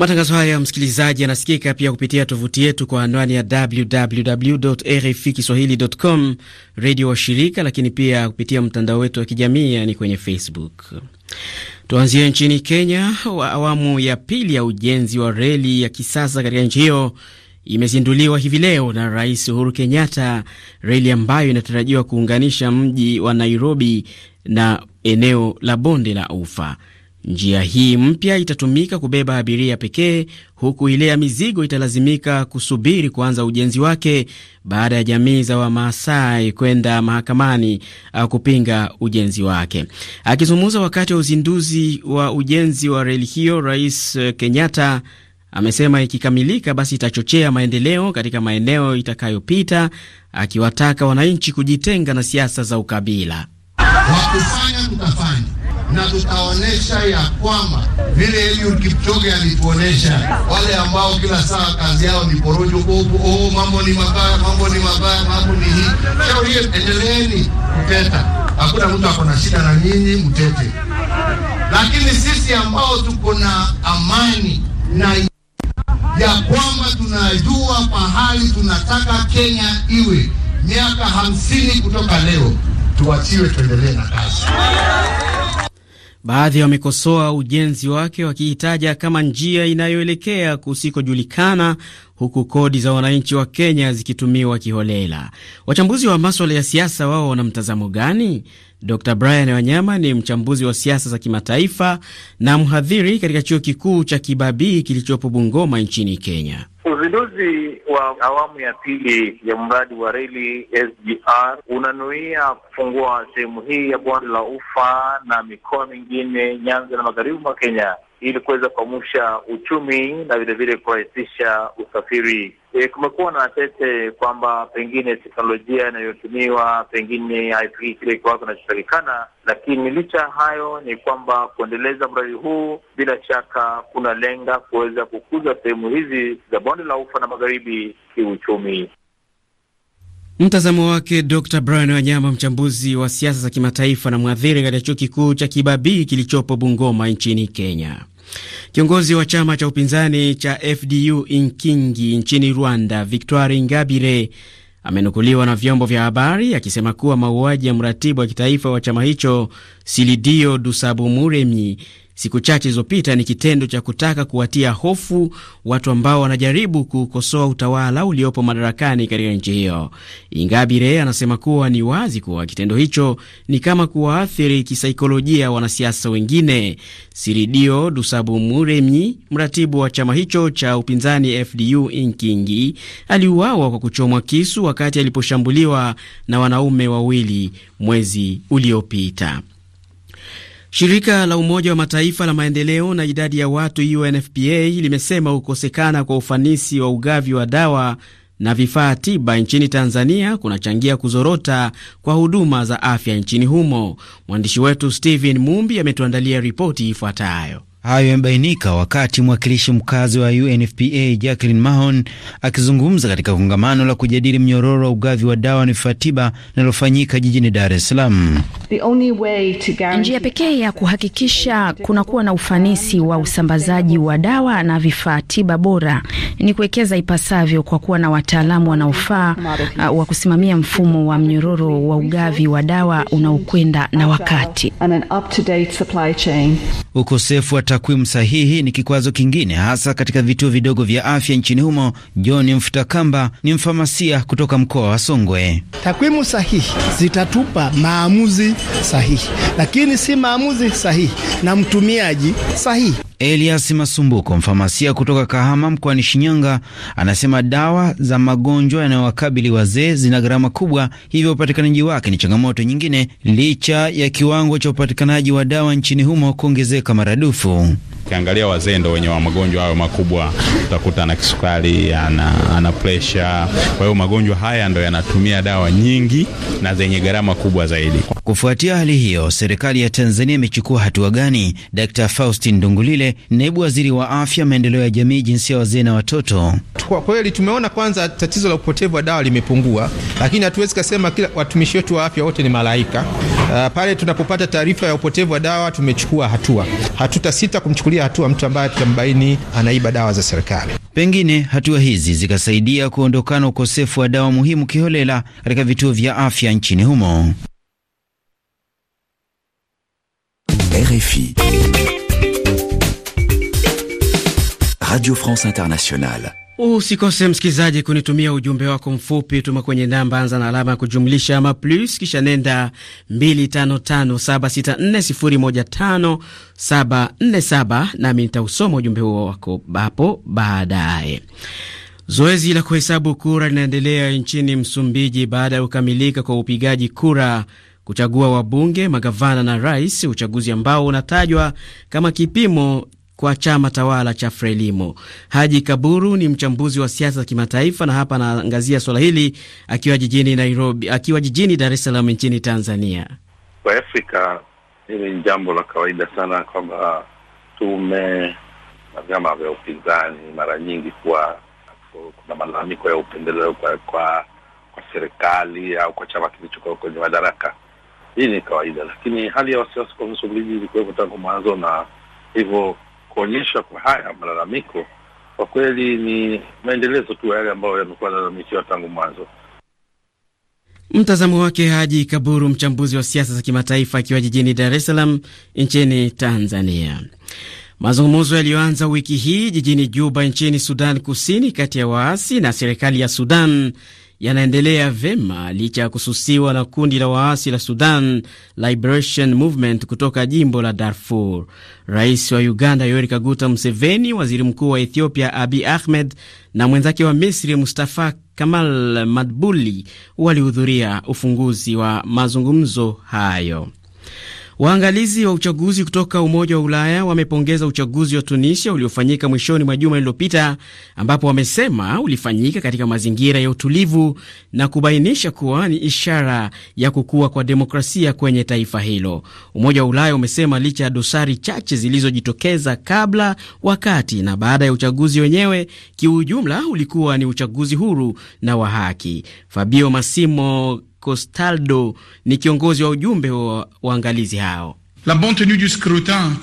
Matangazo haya msikilizaji, yanasikika pia kupitia tovuti yetu kwa anwani ya www RFI kiswahilicom, redio wa shirika, lakini pia kupitia mtandao wetu wa kijamii, yani kwenye Facebook. Tuanzie nchini Kenya. Wa awamu ya pili ya ujenzi wa reli ya kisasa katika nchi hiyo imezinduliwa hivi leo na Rais Uhuru Kenyatta, reli ambayo inatarajiwa kuunganisha mji wa Nairobi na eneo la bonde la Ufa. Njia hii mpya itatumika kubeba abiria pekee, huku ile ya mizigo italazimika kusubiri kuanza ujenzi wake baada ya jamii za Wamaasai kwenda mahakamani au uh, kupinga ujenzi wake. Akizungumza wakati wa uzinduzi wa ujenzi wa reli hiyo, Rais uh, Kenyatta amesema ikikamilika basi itachochea maendeleo katika maeneo itakayopita, akiwataka wananchi kujitenga na siasa za ukabila na tutaonesha ya kwamba vile Eliud Kipchoge alituonyesha wale ambao kila saa kazi yao ni porojo, oh, oh, oh, mambo ni mabaya, mambo ni mabaya, mambo ni hii. Leo hiyo endeleeni kuteta, hakuna mtu ako na shida na nyinyi, mtete. Lakini sisi ambao tuko na amani na ya kwamba tunajua pahali tunataka Kenya iwe miaka hamsini kutoka leo, tuwachiwe tuendelee na kazi. Baadhi wamekosoa ujenzi wake wakihitaja kama njia inayoelekea kusikojulikana, huku kodi za wananchi wa Kenya zikitumiwa kiholela. Wachambuzi wa maswala ya siasa, wao wana mtazamo gani? Dr Brian Wanyama ni mchambuzi wa siasa za kimataifa na mhadhiri katika chuo kikuu cha Kibabii kilichopo Bungoma nchini Kenya. Uzinduzi wa awamu ya pili ya mradi wa reli SGR unanuia kufungua sehemu hii ya bonde la ufa na mikoa mingine Nyanza na magharibi mwa Kenya ili kuweza kuamsha uchumi na vilevile kurahisisha usafiri. E, kumekuwa na tete kwamba pengine teknolojia inayotumiwa pengine haifiki kile kiwango kinachotakikana, lakini licha ya hayo ni kwamba kuendeleza mradi huu bila shaka kuna lenga kuweza kukuza sehemu hizi za bonde la ufa na magharibi kiuchumi. Mtazamo wake Dr Brian Wanyama, mchambuzi wa siasa za kimataifa na mwadhiri katika chuo kikuu cha Kibabii kilichopo Bungoma nchini Kenya. Kiongozi wa chama cha upinzani cha FDU Inkingi nchini Rwanda, Victoire Ingabire amenukuliwa na vyombo vya habari akisema kuwa mauaji ya mratibu wa kitaifa wa chama hicho Silidio Dusabumuremyi siku chache zilizopita ni kitendo cha kutaka kuwatia hofu watu ambao wanajaribu kukosoa utawala uliopo madarakani katika nchi hiyo. Ingabire anasema kuwa ni wazi kuwa kitendo hicho ni kama kuwaathiri kisaikolojia wanasiasa wengine. Siridio Dusabu Muremyi, mratibu wa chama hicho cha upinzani FDU Inkingi, aliuawa kwa kuchomwa kisu wakati aliposhambuliwa na wanaume wawili mwezi uliopita. Shirika la Umoja wa Mataifa la maendeleo na idadi ya watu UNFPA limesema kukosekana kwa ufanisi wa ugavi wa dawa na vifaa tiba nchini Tanzania kunachangia kuzorota kwa huduma za afya nchini humo. Mwandishi wetu Stephen Mumbi ametuandalia ripoti ifuatayo. Hayo yamebainika wakati mwakilishi mkazi wa UNFPA Jacqueline Mahon akizungumza katika kongamano la kujadili mnyororo wa ugavi wa dawa na vifaa tiba linalofanyika jijini Dar es Salaam. Njia pekee ya kuhakikisha kunakuwa na ufanisi wa usambazaji wa dawa na vifaa tiba bora ni kuwekeza ipasavyo kwa kuwa na wataalamu wanaofaa uh, wa kusimamia mfumo wa mnyororo wa ugavi wa dawa unaokwenda na wakati. Ukosefu wa takwimu sahihi ni kikwazo kingine, hasa katika vituo vidogo vya afya nchini humo. John Mfutakamba ni mfamasia kutoka mkoa wa Songwe. Takwimu sahihi zitatupa maamuzi sahihi, lakini si maamuzi sahihi na mtumiaji sahihi. Elias Masumbuko, mfamasia kutoka Kahama mkoani Shinyanga, anasema dawa za magonjwa yanayowakabili wazee zina gharama kubwa, hivyo upatikanaji wake ni changamoto nyingine, licha ya kiwango cha upatikanaji wa dawa nchini humo kuongezeka maradufu. Ukiangalia wazee ndo wenye wa magonjwa hayo makubwa, utakuta ana kisukari, ana, ana presha. Kwa hiyo magonjwa haya ndo yanatumia dawa nyingi na zenye gharama kubwa zaidi. Kufuatia hali hiyo, serikali ya Tanzania imechukua hatua gani? Dkt. Faustin Ndungulile, naibu waziri wa afya, maendeleo ya jamii, jinsia wazee na watoto. Kwa kweli tumeona kwanza tatizo la upotevu wa dawa limepungua, lakini hatuwezi kusema kila watumishi wetu wa afya wote ni malaika. Uh, pale tunapopata taarifa ya upotevu wa dawa tumechukua hatua, hatutasita kumchukulia hatua mtu ambaye tutambaini anaiba dawa za serikali. Pengine hatua hizi zikasaidia kuondokana ukosefu wa dawa muhimu kiholela katika vituo vya afya nchini humo. RFI. Radio France Internationale. Usikose msikilizaji kunitumia ujumbe wako mfupi, tuma kwenye namba, anza na alama ya kujumlisha ama plus, kisha nenda 255764015747 nami nitausoma ujumbe huo wako hapo baadaye. Zoezi la kuhesabu kura linaendelea nchini Msumbiji baada ya kukamilika kwa upigaji kura kuchagua wabunge, magavana na rais, uchaguzi ambao unatajwa kama kipimo kwa chama tawala cha Frelimo. Haji Kaburu ni mchambuzi wa siasa za kimataifa na hapa anaangazia swala hili akiwa jijini Nairobi, akiwa jijini Dar es Salaam nchini Tanzania. Kwa Afrika hili ni jambo la kawaida sana kwamba tume na vyama vya upinzani mara nyingi kuwa kuna malalamiko ya upendeleo kwa, kwa, kwa serikali au kwa chama kilichokuwa kwenye madaraka. Hii ni kawaida, lakini hali ya wasiwasi kwa virusi ilikuwepo tangu mwanzo, na hivyo kuonyesha kwa haya malalamiko kwa kweli ni maendelezo tu yale ambayo yamekuwa yalalamikiwa tangu mwanzo. Mtazamo wake Haji Kaburu, mchambuzi wa siasa za kimataifa, akiwa jijini Dar es Salaam nchini Tanzania. Mazungumzo yaliyoanza wiki hii jijini Juba nchini Sudan Kusini, kati ya waasi na serikali ya Sudan yanaendelea vema licha ya kususiwa na kundi la waasi la Sudan Liberation Movement kutoka jimbo la Darfur. Rais wa Uganda Yoweri Kaguta Museveni, waziri mkuu wa Ethiopia Abiy Ahmed na mwenzake wa Misri Mustafa Kamal Madbuli walihudhuria ufunguzi wa mazungumzo hayo. Waangalizi wa uchaguzi kutoka Umoja wa Ulaya wamepongeza uchaguzi wa Tunisia uliofanyika mwishoni mwa juma lililopita, ambapo wamesema ulifanyika katika mazingira ya utulivu na kubainisha kuwa ni ishara ya kukua kwa demokrasia kwenye taifa hilo. Umoja wa Ulaya umesema licha ya dosari chache zilizojitokeza kabla, wakati na baada ya uchaguzi wenyewe, kiujumla ulikuwa ni uchaguzi huru na wa haki. Fabio Massimo Costaldo ni kiongozi wa ujumbe wa waangalizi hao. La bonne tenue du scrutin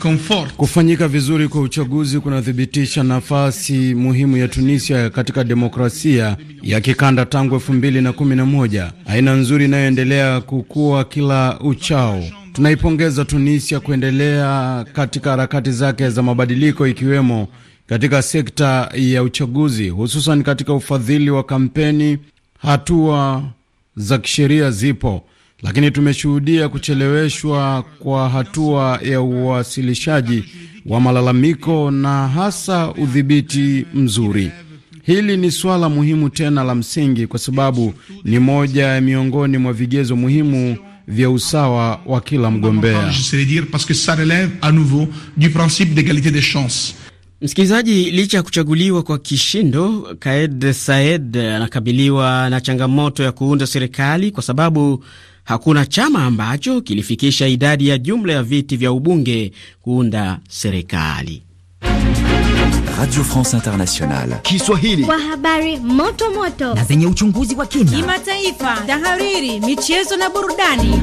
Kufanyika vizuri kwa uchaguzi kunathibitisha nafasi muhimu ya Tunisia katika demokrasia ya kikanda tangu elfu mbili na kumi na moja, aina nzuri inayoendelea kukua kila uchao. Tunaipongeza Tunisia kuendelea katika harakati zake za mabadiliko ikiwemo katika sekta ya uchaguzi, hususan katika ufadhili wa kampeni, hatua za kisheria zipo, lakini tumeshuhudia kucheleweshwa kwa hatua ya uwasilishaji wa malalamiko na hasa udhibiti mzuri. Hili ni suala muhimu tena la msingi, kwa sababu ni moja ya miongoni mwa vigezo muhimu vya usawa wa kila mgombea. Msikilizaji, licha ya kuchaguliwa kwa kishindo, Kaed Saed anakabiliwa na changamoto ya kuunda serikali kwa sababu hakuna chama ambacho kilifikisha idadi ya jumla ya viti vya ubunge kuunda serikali. Radio France Internationale Kiswahili, kwa habari moto moto na zenye uchunguzi wa kina, kimataifa, tahariri, michezo na burudani.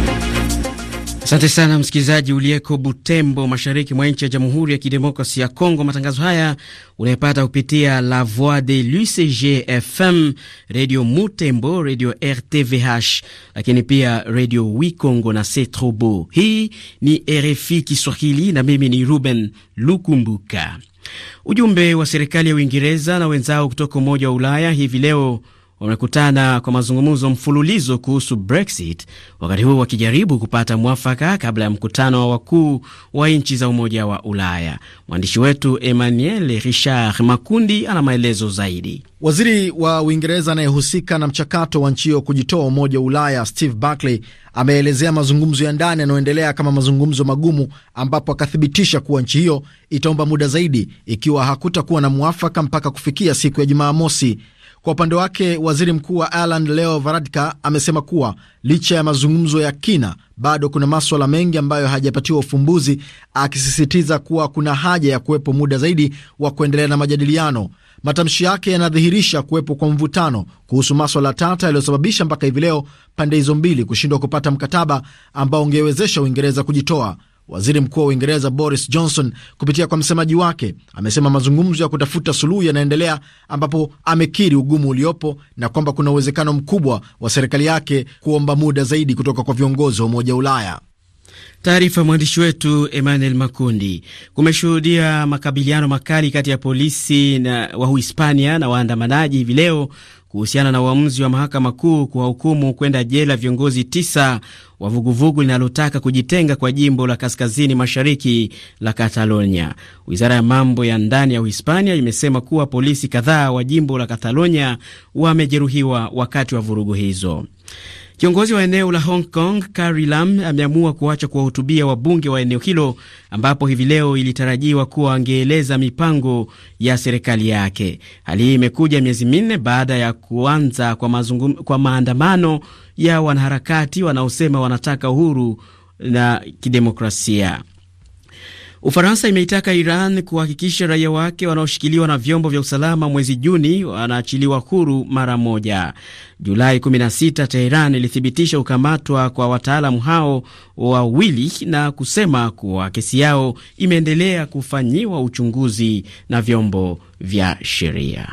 Asante sana msikilizaji uliyeko Butembo, mashariki mwa nchi ya Jamhuri ya Kidemokrasi ya Kongo. Matangazo haya unayepata kupitia La Voix de l'UCG FM, Redio Mutembo, Radio RTVH, lakini pia Radio Wikongo na Setrobo. Hii ni RFI Kiswahili na mimi ni Ruben Lukumbuka. Ujumbe wa serikali ya Uingereza na wenzao kutoka Umoja wa Ulaya hivi leo wamekutana kwa mazungumzo mfululizo kuhusu Brexit, wakati huo wakijaribu kupata mwafaka kabla ya mkutano wa wakuu wa nchi za Umoja wa Ulaya. Mwandishi wetu Emmanuel Richard Makundi ana maelezo zaidi. Waziri wa Uingereza anayehusika na mchakato wa nchi hiyo kujitoa Umoja wa Ulaya, Steve Barclay, ameelezea mazungumzo ya ndani yanayoendelea kama mazungumzo magumu, ambapo akathibitisha kuwa nchi hiyo itaomba muda zaidi ikiwa hakutakuwa na mwafaka mpaka kufikia siku ya Jumaa mosi. Kwa upande wake, waziri mkuu wa Ireland Leo Varadkar amesema kuwa licha ya mazungumzo ya kina, bado kuna maswala mengi ambayo hayajapatiwa ufumbuzi, akisisitiza kuwa kuna haja ya kuwepo muda zaidi wa kuendelea na majadiliano. Matamshi yake yanadhihirisha kuwepo kwa mvutano kuhusu maswala tata yaliyosababisha mpaka hivi leo pande hizo mbili kushindwa kupata mkataba ambao ungewezesha Uingereza kujitoa. Waziri Mkuu wa Uingereza Boris Johnson kupitia kwa msemaji wake amesema mazungumzo ya kutafuta suluhu yanaendelea, ambapo amekiri ugumu uliopo na kwamba kuna uwezekano mkubwa wa serikali yake kuomba muda zaidi kutoka kwa viongozi wa Umoja wa Ulaya. Taarifa mwandishi wetu Emmanuel Makundi. Kumeshuhudia makabiliano makali kati ya polisi na wa Uhispania na waandamanaji hivi leo kuhusiana na uamuzi wa mahakama kuu kuwahukumu kwenda jela viongozi tisa wa vuguvugu linalotaka kujitenga kwa jimbo la kaskazini mashariki la Katalonia. Wizara ya mambo ya ndani ya Uhispania imesema kuwa polisi kadhaa wa jimbo la Katalonia wamejeruhiwa wakati wa vurugu hizo. Kiongozi wa eneo la Hong Kong Carrie Lam ameamua kuacha kuwahutubia wabunge wa eneo hilo ambapo hivi leo ilitarajiwa kuwa angeeleza mipango ya serikali yake. Hali hii imekuja miezi minne baada ya kuanza kwa mazungum, kwa maandamano ya wanaharakati wanaosema wanataka uhuru na kidemokrasia. Ufaransa imeitaka Iran kuhakikisha raia wake wanaoshikiliwa na vyombo vya usalama mwezi Juni wanaachiliwa huru mara moja. Julai 16 Teheran ilithibitisha ukamatwa kwa wataalamu hao wawili na kusema kuwa kesi yao imeendelea kufanyiwa uchunguzi na vyombo vya sheria.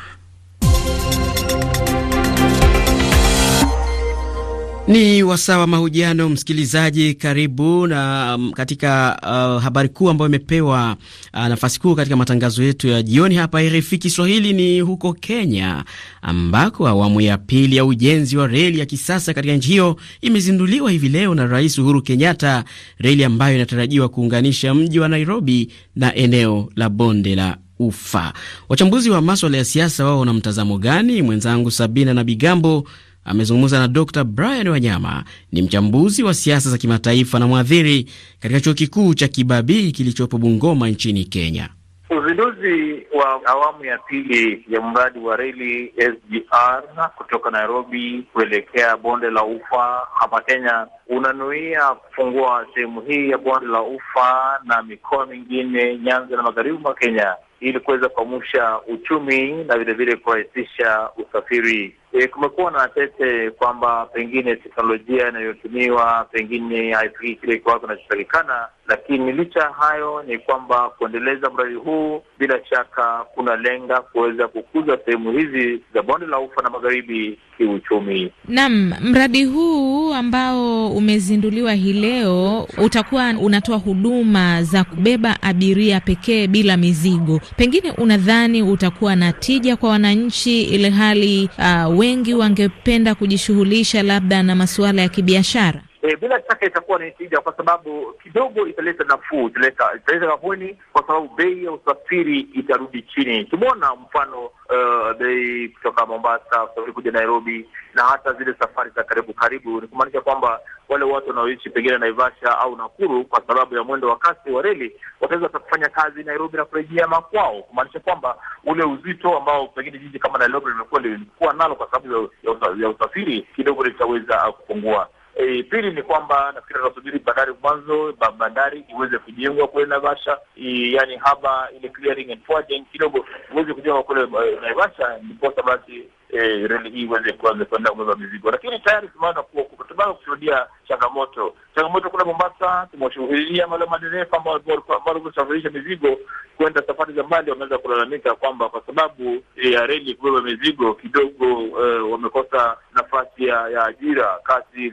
Ni wasaa wa mahojiano, msikilizaji, karibu na um, katika uh, habari kuu ambayo imepewa uh, nafasi kuu katika matangazo yetu ya jioni hapa RFI Kiswahili ni huko Kenya ambako awamu ya pili ya ujenzi wa reli ya kisasa katika nchi hiyo imezinduliwa hivi leo na Rais Uhuru Kenyatta, reli ambayo inatarajiwa kuunganisha mji wa Nairobi na eneo la bonde la Ufa. Wachambuzi wa maswala ya siasa wao wana mtazamo gani? Mwenzangu Sabina na Bigambo amezungumza na Dr Brian Wanyama, ni mchambuzi wa siasa za kimataifa na mwadhiri katika chuo kikuu cha Kibabii kilichopo Bungoma nchini Kenya. Uzinduzi wa awamu ya pili ya mradi wa reli SGR kutoka Nairobi kuelekea bonde la ufa hapa Kenya unanuia kufungua sehemu hii ya bonde la ufa na mikoa mingine Nyanza na magharibi mwa Kenya ili kuweza kuamusha uchumi na vilevile kurahisisha usafiri. E, kumekuwa na tete kwamba pengine teknolojia inayotumiwa pengine haifiki kile kiwango kinachotakikana, lakini licha ya hayo ni kwamba kuendeleza mradi huu bila shaka kuna lenga kuweza kukuza sehemu hizi za bonde la ufa na magharibi kiuchumi. Naam, mradi huu ambao umezinduliwa hii leo utakuwa unatoa huduma za kubeba abiria pekee bila mizigo, pengine unadhani utakuwa na tija kwa wananchi, ile hali uh, wengi wangependa kujishughulisha labda na masuala ya kibiashara? E, bila shaka itakuwa ni tija kwa sababu kidogo italeta nafuu, italeta italeta nafuni kwa sababu bei ya usafiri itarudi chini. Tumeona mfano uh, bei kutoka Mombasa kusafiri kuja Nairobi na hata zile safari za karibu karibu, ni kumaanisha kwamba wale watu wanaoishi pengine Naivasha au Nakuru, kwa sababu ya mwendo wa kasi wa reli, wataweza kufanya kazi Nairobi na kurejea makwao, kumaanisha kwamba ule uzito ambao pengine jiji kama Nairobi limekuwa nalo kwa sababu ya usafiri kidogo litaweza kupungua. E, pili ni kwamba nafikiri tunasubiri bandari mwanzo bandari iweze kujengwa kule Naivasha, e, yani haba ile clearing and kidogo iweze kujengwa kule eh, Naivasha, ndiposa basi eh, reli hii iweze kuanza kuenda kubeba mizigo, lakini tayari tumeanza tumeanza kushuhudia changamoto changamoto kule Mombasa. Tumewashuhudia wale madereva ambao walikuwa kusafirisha mizigo kwenda safari za mbali, wameweza kulalamika kwamba kwa sababu eh, ya reli kubeba mizigo kidogo, eh, wamekosa nafasi ya, ya ajira, kazi,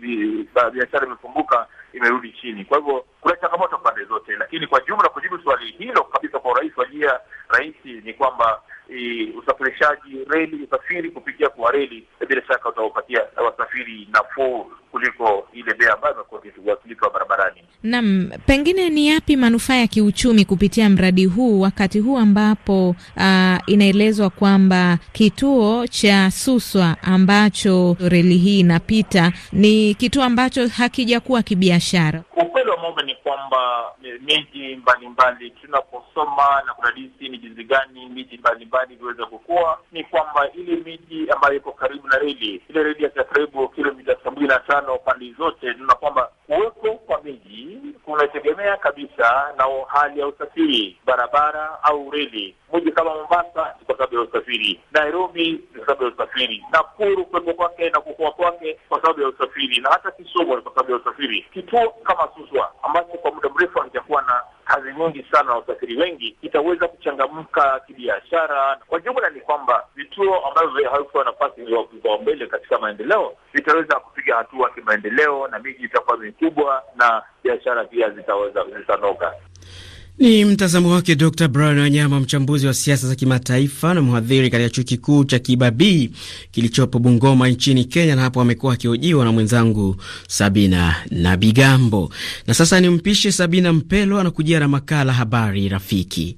biashara imefunguka imerudi chini. Kwa hivyo kuna changamoto pande zote, lakini kwa jumla, kujibu swali hilo kabisa kwa urahisi wa jia rahisi ni kwamba e, usafirishaji reli, usafiri kupitia kwa reli, bila shaka utawapatia wasafiri nafuu kuliko ile bei ambayo imekuwa barabarani. Naam, pengine ni yapi manufaa ya kiuchumi kupitia mradi huu wakati huu ambapo uh, inaelezwa kwamba kituo cha Suswa ambacho reli hii inapita ni kituo ambacho hakijakuwa kibiashara? Ukweli wa mambo ni kwamba eh, miji mbalimbali tunaposoma na kudadisi ni jinsi gani miji mbalimbali iliweza kukua, ni kwamba ile miji ambayo iko karibu na reli, ile reli ya karibu kilomita sabini na tano pande zote, tunaona kwamba kuwepo kwa miji kunategemea kabisa na hali ya usafiri, barabara au reli. Mji kama Mombasa ni kwa sababu ya usafiri, Nairobi ni kwa sababu ya usafiri, Nakuru kuwepo kwake na kukua kwake kwa sababu ya usafiri, na hata Kisumu ni kwa sababu ya usafiri. Kituo kama Suswa ambacho kwa muda mrefu hakijakuwa na kazi nyingi sana na wasafiri wengi, itaweza kuchangamka kibiashara. Kwa jumla ni kwamba vituo ambavyo havikuwa nafasi vipaumbele katika maendeleo vitaweza kupiga hatua kimaendeleo, na miji itakuwa mikubwa na biashara pia zitaweza zitanoka. Ni mtazamo wake Dr Brian Wanyama, mchambuzi wa siasa za kimataifa na mhadhiri katika chuo kikuu cha Kibabii kilichopo Bungoma nchini Kenya. Na hapo amekuwa akihojiwa na mwenzangu Sabina na Bigambo. Na sasa ni mpishe Sabina Mpelo anakujia na makala Habari Rafiki.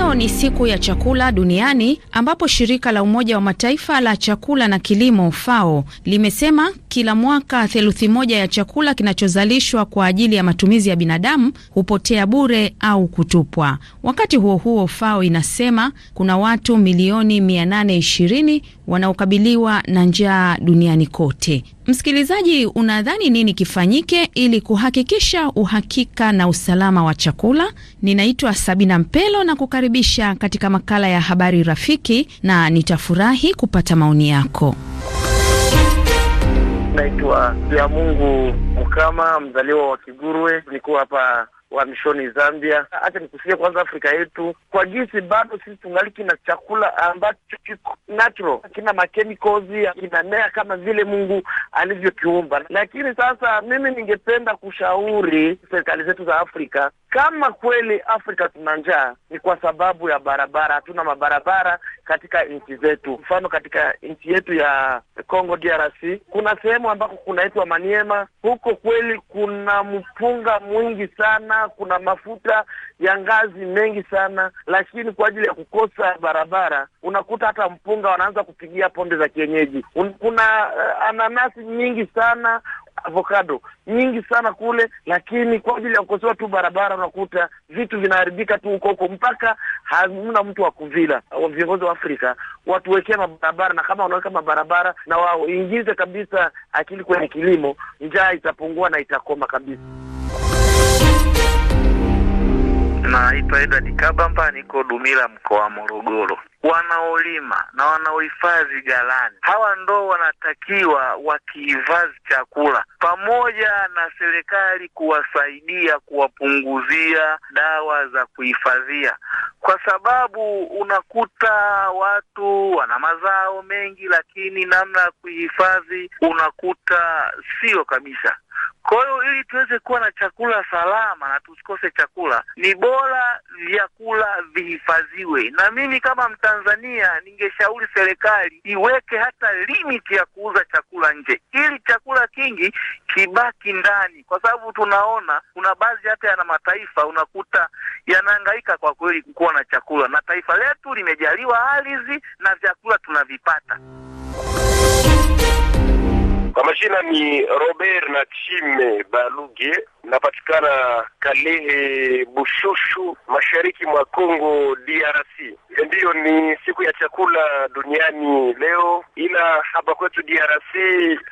Leo ni siku ya chakula duniani ambapo shirika la Umoja wa Mataifa la chakula na kilimo FAO limesema kila mwaka theluthi moja ya chakula kinachozalishwa kwa ajili ya matumizi ya binadamu hupotea bure au kutupwa. Wakati huo huo, FAO inasema kuna watu milioni 820 wanaokabiliwa na njaa duniani kote. Msikilizaji, unadhani nini kifanyike ili kuhakikisha uhakika na usalama wa chakula? Ninaitwa Sabina Mpelo na kukaribisha kukaribisha katika makala ya habari rafiki, na nitafurahi kupata maoni yako. Naitwa ya Mungu Mkama, mzaliwa wa Kigurwe, nikuwa hapa uhamishoni Zambia. Hacha nikusikia kwanza Afrika yetu kwa jinsi bado sisi tungali kina chakula ambacho kiko natural, kina machemicals, kinamea kama vile Mungu alivyokiumba. Lakini sasa mimi ningependa kushauri serikali zetu za Afrika, kama kweli Afrika tuna njaa, ni kwa sababu ya barabara. Hatuna mabarabara katika nchi zetu. Mfano, katika nchi yetu ya Congo DRC kuna sehemu ambako kunaitwa Maniema, huko kweli kuna mpunga mwingi sana kuna mafuta ya ngazi mengi sana, lakini kwa ajili ya kukosa barabara unakuta hata mpunga wanaanza kupigia pombe za kienyeji. Kuna uh, ananasi nyingi sana avocado nyingi sana kule, lakini kwa ajili ya kukosewa tu barabara unakuta vitu vinaharibika tu huko huko, mpaka hamna mtu wa kuvila. Viongozi wa Afrika watuwekee mabarabara, na kama wanaweka mabarabara na waingize kabisa akili kwenye kilimo, njaa itapungua na itakoma kabisa. Naitwa Edward Kabamba, niko Dumila, mkoa wa Morogoro. Wanaolima na wanaohifadhi galani, hawa ndo wanatakiwa wakihifadhi chakula, pamoja na serikali kuwasaidia kuwapunguzia dawa za kuhifadhia, kwa sababu unakuta watu wana mazao mengi, lakini namna ya kuhifadhi unakuta sio kabisa. Kwa hiyo ili tuweze kuwa na chakula salama na tusikose chakula, ni bora vyakula vihifadhiwe. Na mimi kama Mtanzania ningeshauri serikali iweke hata limiti ya kuuza chakula nje, ili chakula kingi kibaki ndani, kwa sababu tunaona kuna baadhi hata yana mataifa unakuta yanahangaika kwa kweli kuwa na chakula, na taifa letu limejaliwa ardhi na vyakula tunavipata. Kwa majina ni Robert na Chime Baluge, napatikana Kalehe Bushushu, mashariki mwa Kongo DRC. Ndiyo, ni siku ya chakula duniani leo, ila hapa kwetu DRC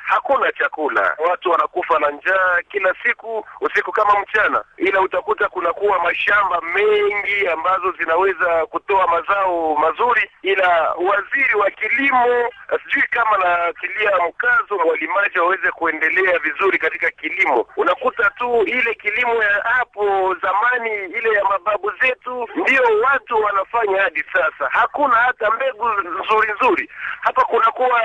hakuna chakula. Watu wanakufa na njaa kila siku, usiku kama mchana, ila utakuta kunakuwa mashamba mengi ambazo zinaweza kutoa mazao mazuri, ila waziri wa kilimo sijui kama na kilia mkazo mwalima wananchi waweze kuendelea vizuri katika kilimo. Unakuta tu ile kilimo ya hapo zamani, ile ya mababu zetu, ndio watu wanafanya hadi sasa. Hakuna hata mbegu nzuri nzuri hapa. Kunakuwa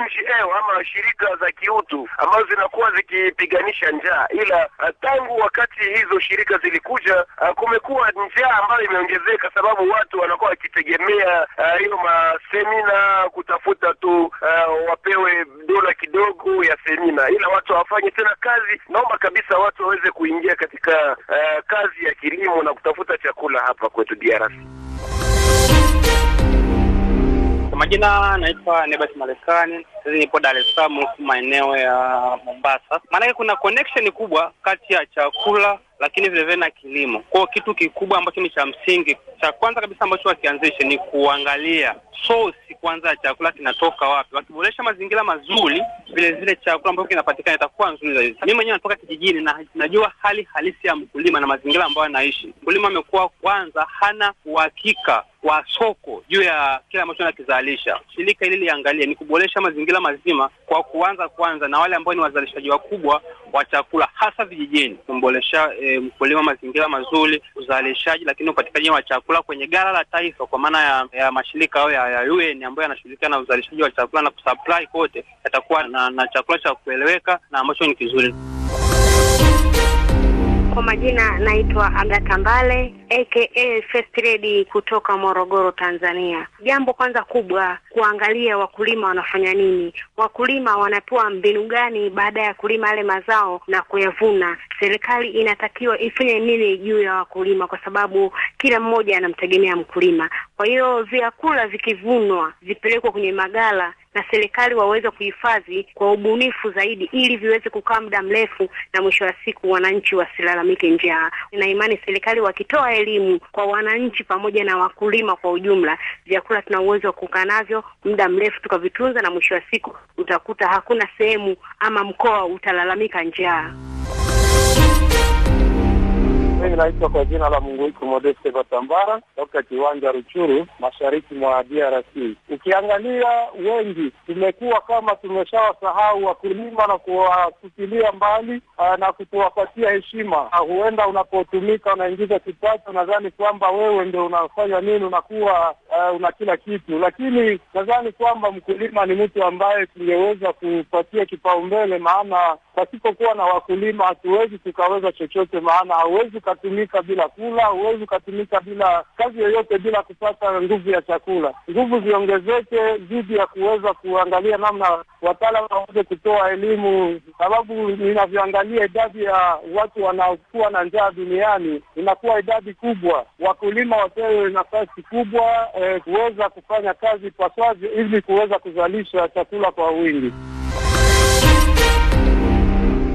NGO ama shirika za kiutu ambazo zinakuwa zikipiganisha njaa, ila uh, tangu wakati hizo shirika zilikuja, uh, kumekuwa njaa ambayo imeongezeka, sababu watu wanakuwa wakitegemea uh, hiyo masemina kutafuta tu uh, wapewe dola kidogo ndogo ya semina, ila watu hawafanye tena kazi. Naomba kabisa watu waweze kuingia katika uh, kazi ya kilimo na kutafuta chakula hapa kwetu DRC. Kwa majina naitwa Nebas Marekani, sasa nipo Dar es Salaam maeneo ya Mombasa. Maanake kuna connection kubwa kati ya chakula lakini vile vile na kilimo. Kwa kitu kikubwa ambacho ni cha msingi cha kwanza kabisa ambacho wakianzishe ni kuangalia sosi kwanza ya chakula kinatoka wapi. Wakiboresha mazingira mazuri, vile vile chakula ambacho kinapatikana itakuwa nzuri zaidi. Mimi mwenyewe natoka kijijini na najua hali halisi ya mkulima na mazingira ambayo anaishi. Mkulima amekuwa kwanza hana uhakika wa soko juu ya kile ambacho anakizalisha. Shirika hili liangalie ni kuboresha mazingira mazima kwa kuanza kwanza na wale ambao ni wazalishaji wakubwa wa chakula hasa vijijini, kumboresha e, mkulima mazingira mazuri, uzalishaji lakini upatikanaji wa chakula kwenye gara la taifa kwa maana ya, ya mashirika hayo ya ya, UN ambayo yanashughulikana na uzalishaji wa chakula na kusupply kote, yatakuwa na, na chakula cha kueleweka na ambacho ni kizuri. Kwa majina naitwa agatambale Mbale aka First Lady kutoka Morogoro, Tanzania. Jambo kwanza kubwa kuangalia wakulima wanafanya nini, wakulima wanapewa mbinu gani baada ya kulima yale mazao na kuyavuna. Serikali inatakiwa ifanye nini juu ya wakulima, kwa sababu kila mmoja anamtegemea mkulima. Kwa hiyo vyakula vikivunwa vipelekwa kwenye magala na serikali waweze kuhifadhi kwa ubunifu zaidi, ili viweze kukaa muda mrefu, na mwisho wa siku wananchi wasilalamike njaa. Na imani serikali wakitoa elimu kwa wananchi pamoja na wakulima kwa ujumla, vyakula tuna uwezo wa kukaa navyo muda mrefu tukavitunza, na mwisho wa siku utakuta hakuna sehemu ama mkoa utalalamika njaa. Mimi naitwa kwa jina la Munguiko Modeste Batambara toka kiwanja Ruchuru, mashariki mwa DRC. Ukiangalia wengi tumekuwa kama tumeshawasahau wakulima na kuwatupilia mbali ah, na kutowapatia heshima. Ah, huenda unapotumika unaingiza kipato, nadhani kwamba wewe ndio unafanya nini, unakuwa uh, una kila kitu, lakini nadhani kwamba mkulima ni mtu ambaye tungeweza kupatia kipaumbele, maana Pasipokuwa na wakulima hatuwezi tukaweza chochote, maana hauwezi ukatumika bila kula, huwezi ukatumika bila kazi yoyote, bila kupata nguvu ya chakula. Nguvu ziongezeke dhidi ya kuweza kuangalia namna wataalamu waweze kutoa elimu, sababu ninavyoangalia idadi ya watu wanaokuwa na njaa duniani inakuwa idadi kubwa. Wakulima wapewe nafasi kubwa eh, kuweza kufanya kazi paswavyo, ili kuweza kuzalisha chakula kwa wingi.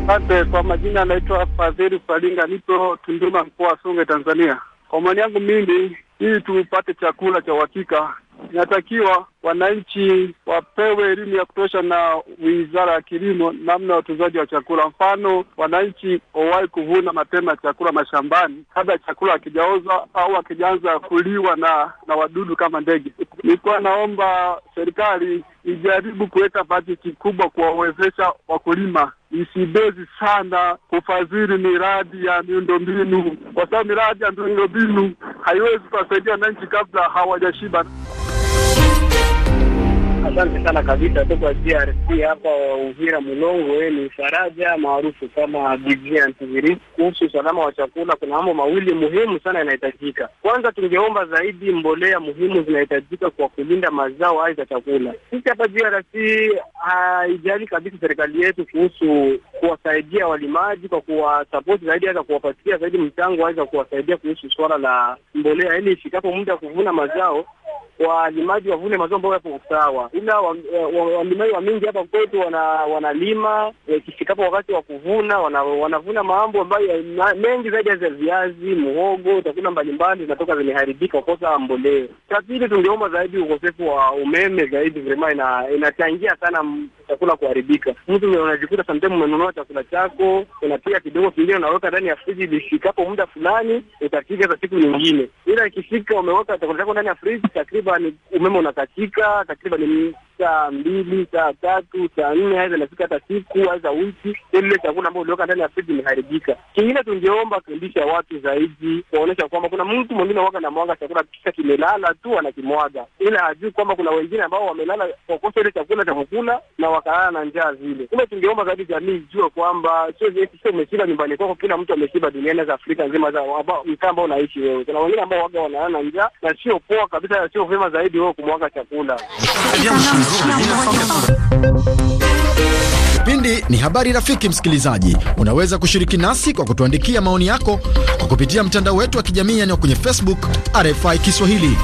Asante. Kwa majina anaitwa Fadhili Falinga, nipo Tunduma, mkoa wa Songwe, Tanzania. Kwa maoni yangu mimi, ili tupate chakula cha uhakika, inatakiwa wananchi wapewe elimu ya kutosha na Wizara ya Kilimo namna ya utunzaji wa chakula. Mfano, wananchi wawahi kuvuna mapema ya chakula mashambani kabla ya chakula hakijaoza au hakijaanza kuliwa na na wadudu kama ndege. Nilikuwa naomba serikali ijaribu kuweka bajeti kubwa kuwawezesha wakulima isibezi sana kufadhili miradi ya miundombinu, kwa sababu miradi ya miundombinu haiwezi kuwasaidia wananchi kabla hawajashiba. Asante sana kabisa, toka DRC hapa Uvira Mulongo. E, ni Faraja maarufu kama Kuhusu usalama wa chakula, kuna mambo mawili muhimu sana yanahitajika. Kwanza, tungeomba zaidi mbolea muhimu zinahitajika kwa kulinda mazao haya za chakula. Sisi hapa DRC haijali kabisa serikali yetu kuhusu kuwasaidia walimaji kwa kuwasapoti zaidi, hata kuwapatia zaidi mchango, aweza kuwasaidia kuhusu swala la mbolea, ili yaani, ifikapo muda wa kuvuna mazao walimaji wavune mazao ambayo yapo sawa, ila walimaji wa mingi hapa kwetu wanalima eh, ikifikapo wakati wa kuvuna wanavuna mambo ambayo mengi zaidi ya viazi, muhogo, chakula mbalimbali zinatoka zimeharibika kwa kosa mbolea. Cha pili, tungeomba zaidi ukosefu wa umeme zaidi, vrema inachangia sana chakula kuharibika. Mtu unajikuta sometimes umenunua chakula chako, unapika kidogo kingine, unaweka ndani ya friji, ilifikapo muda fulani utakika za siku nyingine, ila ikifika umeweka chakula chako ndani ya friji, takriban umeme unakatika takriban saa mbili, saa tatu, saa nne, aweza inafika hata siku aweza wiki, ile chakula ambayo uliweka ndani ya friji imeharibika. Kingine tungeomba kuendisha watu zaidi, kuwaonyesha kwamba kuna mtu mwingine waga na mwaga chakula kisha kimelala tu anakimwaga, ila hajui kwamba kuna wengine ambao wamelala kwa kosa ile chakula cha kukula na wakalala na njaa zile. Kumbe tungeomba zaidi jamii ijue kwamba sio umeshiba nyumbani kwako, kila mtu ameshiba duniani za Afrika nzima za ambao unaishi wewe. Kuna wengine ambao waga wanalala na njaa, na sio poa kabisa, sio vyema zaidi wewe kumwaga chakula Kipindi ni habari rafiki. Msikilizaji, unaweza kushiriki nasi kwa kutuandikia maoni yako kwa kupitia mtandao wetu wa kijamii yaani kwenye Facebook RFI Kiswahili.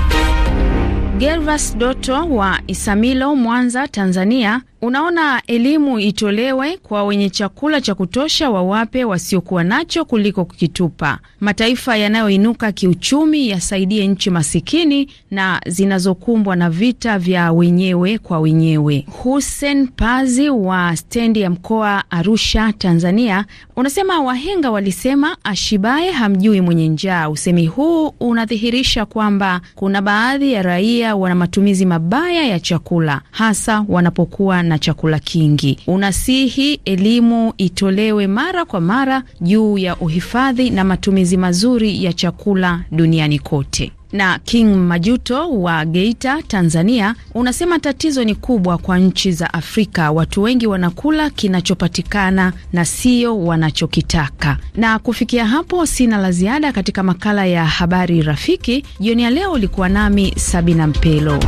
Gervas Doto wa Isamilo, Mwanza, Tanzania Unaona, elimu itolewe kwa wenye chakula cha kutosha wawape wasiokuwa nacho kuliko kukitupa. Mataifa yanayoinuka kiuchumi yasaidie nchi masikini na zinazokumbwa na vita vya wenyewe kwa wenyewe. Hussein Pazi wa stendi ya mkoa Arusha, Tanzania, unasema wahenga walisema ashibaye hamjui mwenye njaa. Usemi huu unadhihirisha kwamba kuna baadhi ya raia wana matumizi mabaya ya chakula, hasa wanapokuwa na na chakula kingi. Unasihi elimu itolewe mara kwa mara juu ya uhifadhi na matumizi mazuri ya chakula duniani kote. Na King Majuto wa Geita, Tanzania, unasema tatizo ni kubwa kwa nchi za Afrika. Watu wengi wanakula kinachopatikana na sio wanachokitaka. Na kufikia hapo, sina la ziada katika makala ya habari rafiki jioni ya leo. Ulikuwa nami Sabina Mpelo.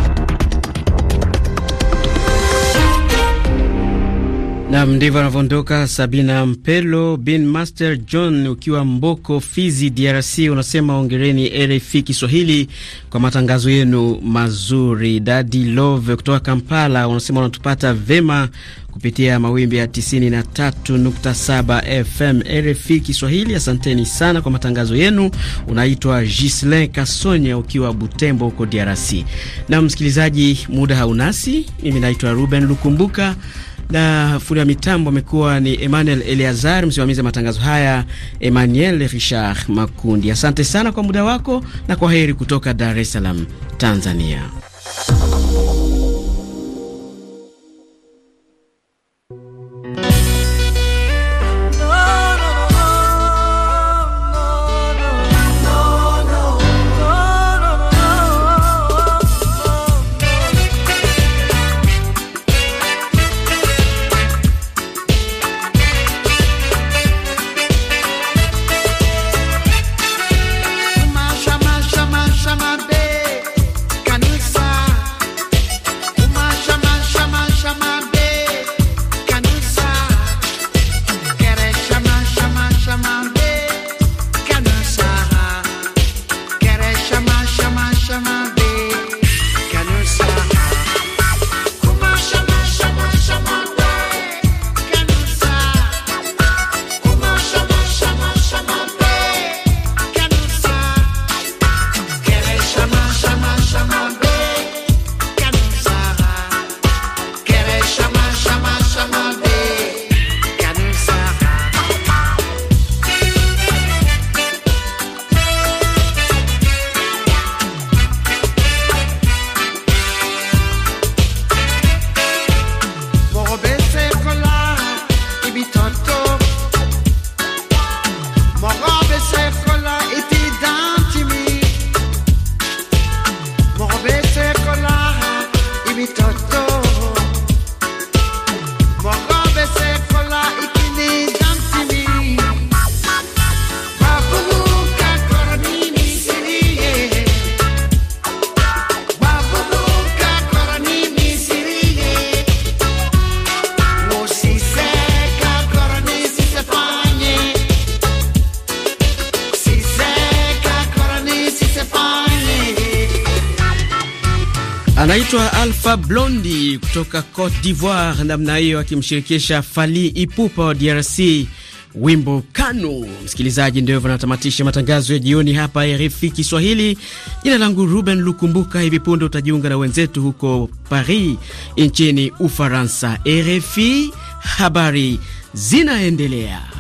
Nam, ndivyo anavyoondoka Sabina Mpelo bin Master John. Ukiwa Mboko, Fizi, DRC, unasema ongereni RFI Kiswahili kwa matangazo yenu mazuri. Dadi Love kutoka Kampala unasema unatupata vema kupitia mawimbi ya 93.7 FM RFI Kiswahili. Asanteni sana kwa matangazo yenu. Unaitwa Gislin Kasonya ukiwa Butembo huko DRC. Na msikilizaji, muda haunasi. Mimi naitwa Ruben Lukumbuka na fundi wa mitambo amekuwa ni Emmanuel Eleazar, msimamizi wa matangazo haya Emmanuel Richard Makundi. Asante sana kwa muda wako na kwa heri kutoka Dar es Salaam, Tanzania. kutoka Cote d'Ivoire namna hiyo akimshirikisha fali Ipupa wa DRC wimbo kanu Msikilizaji, ndio hivyo natamatisha matangazo ya jioni hapa RFI Kiswahili. Jina langu Ruben Lukumbuka. Hivi punde utajiunga na wenzetu huko Paris nchini Ufaransa. RFI habari zinaendelea.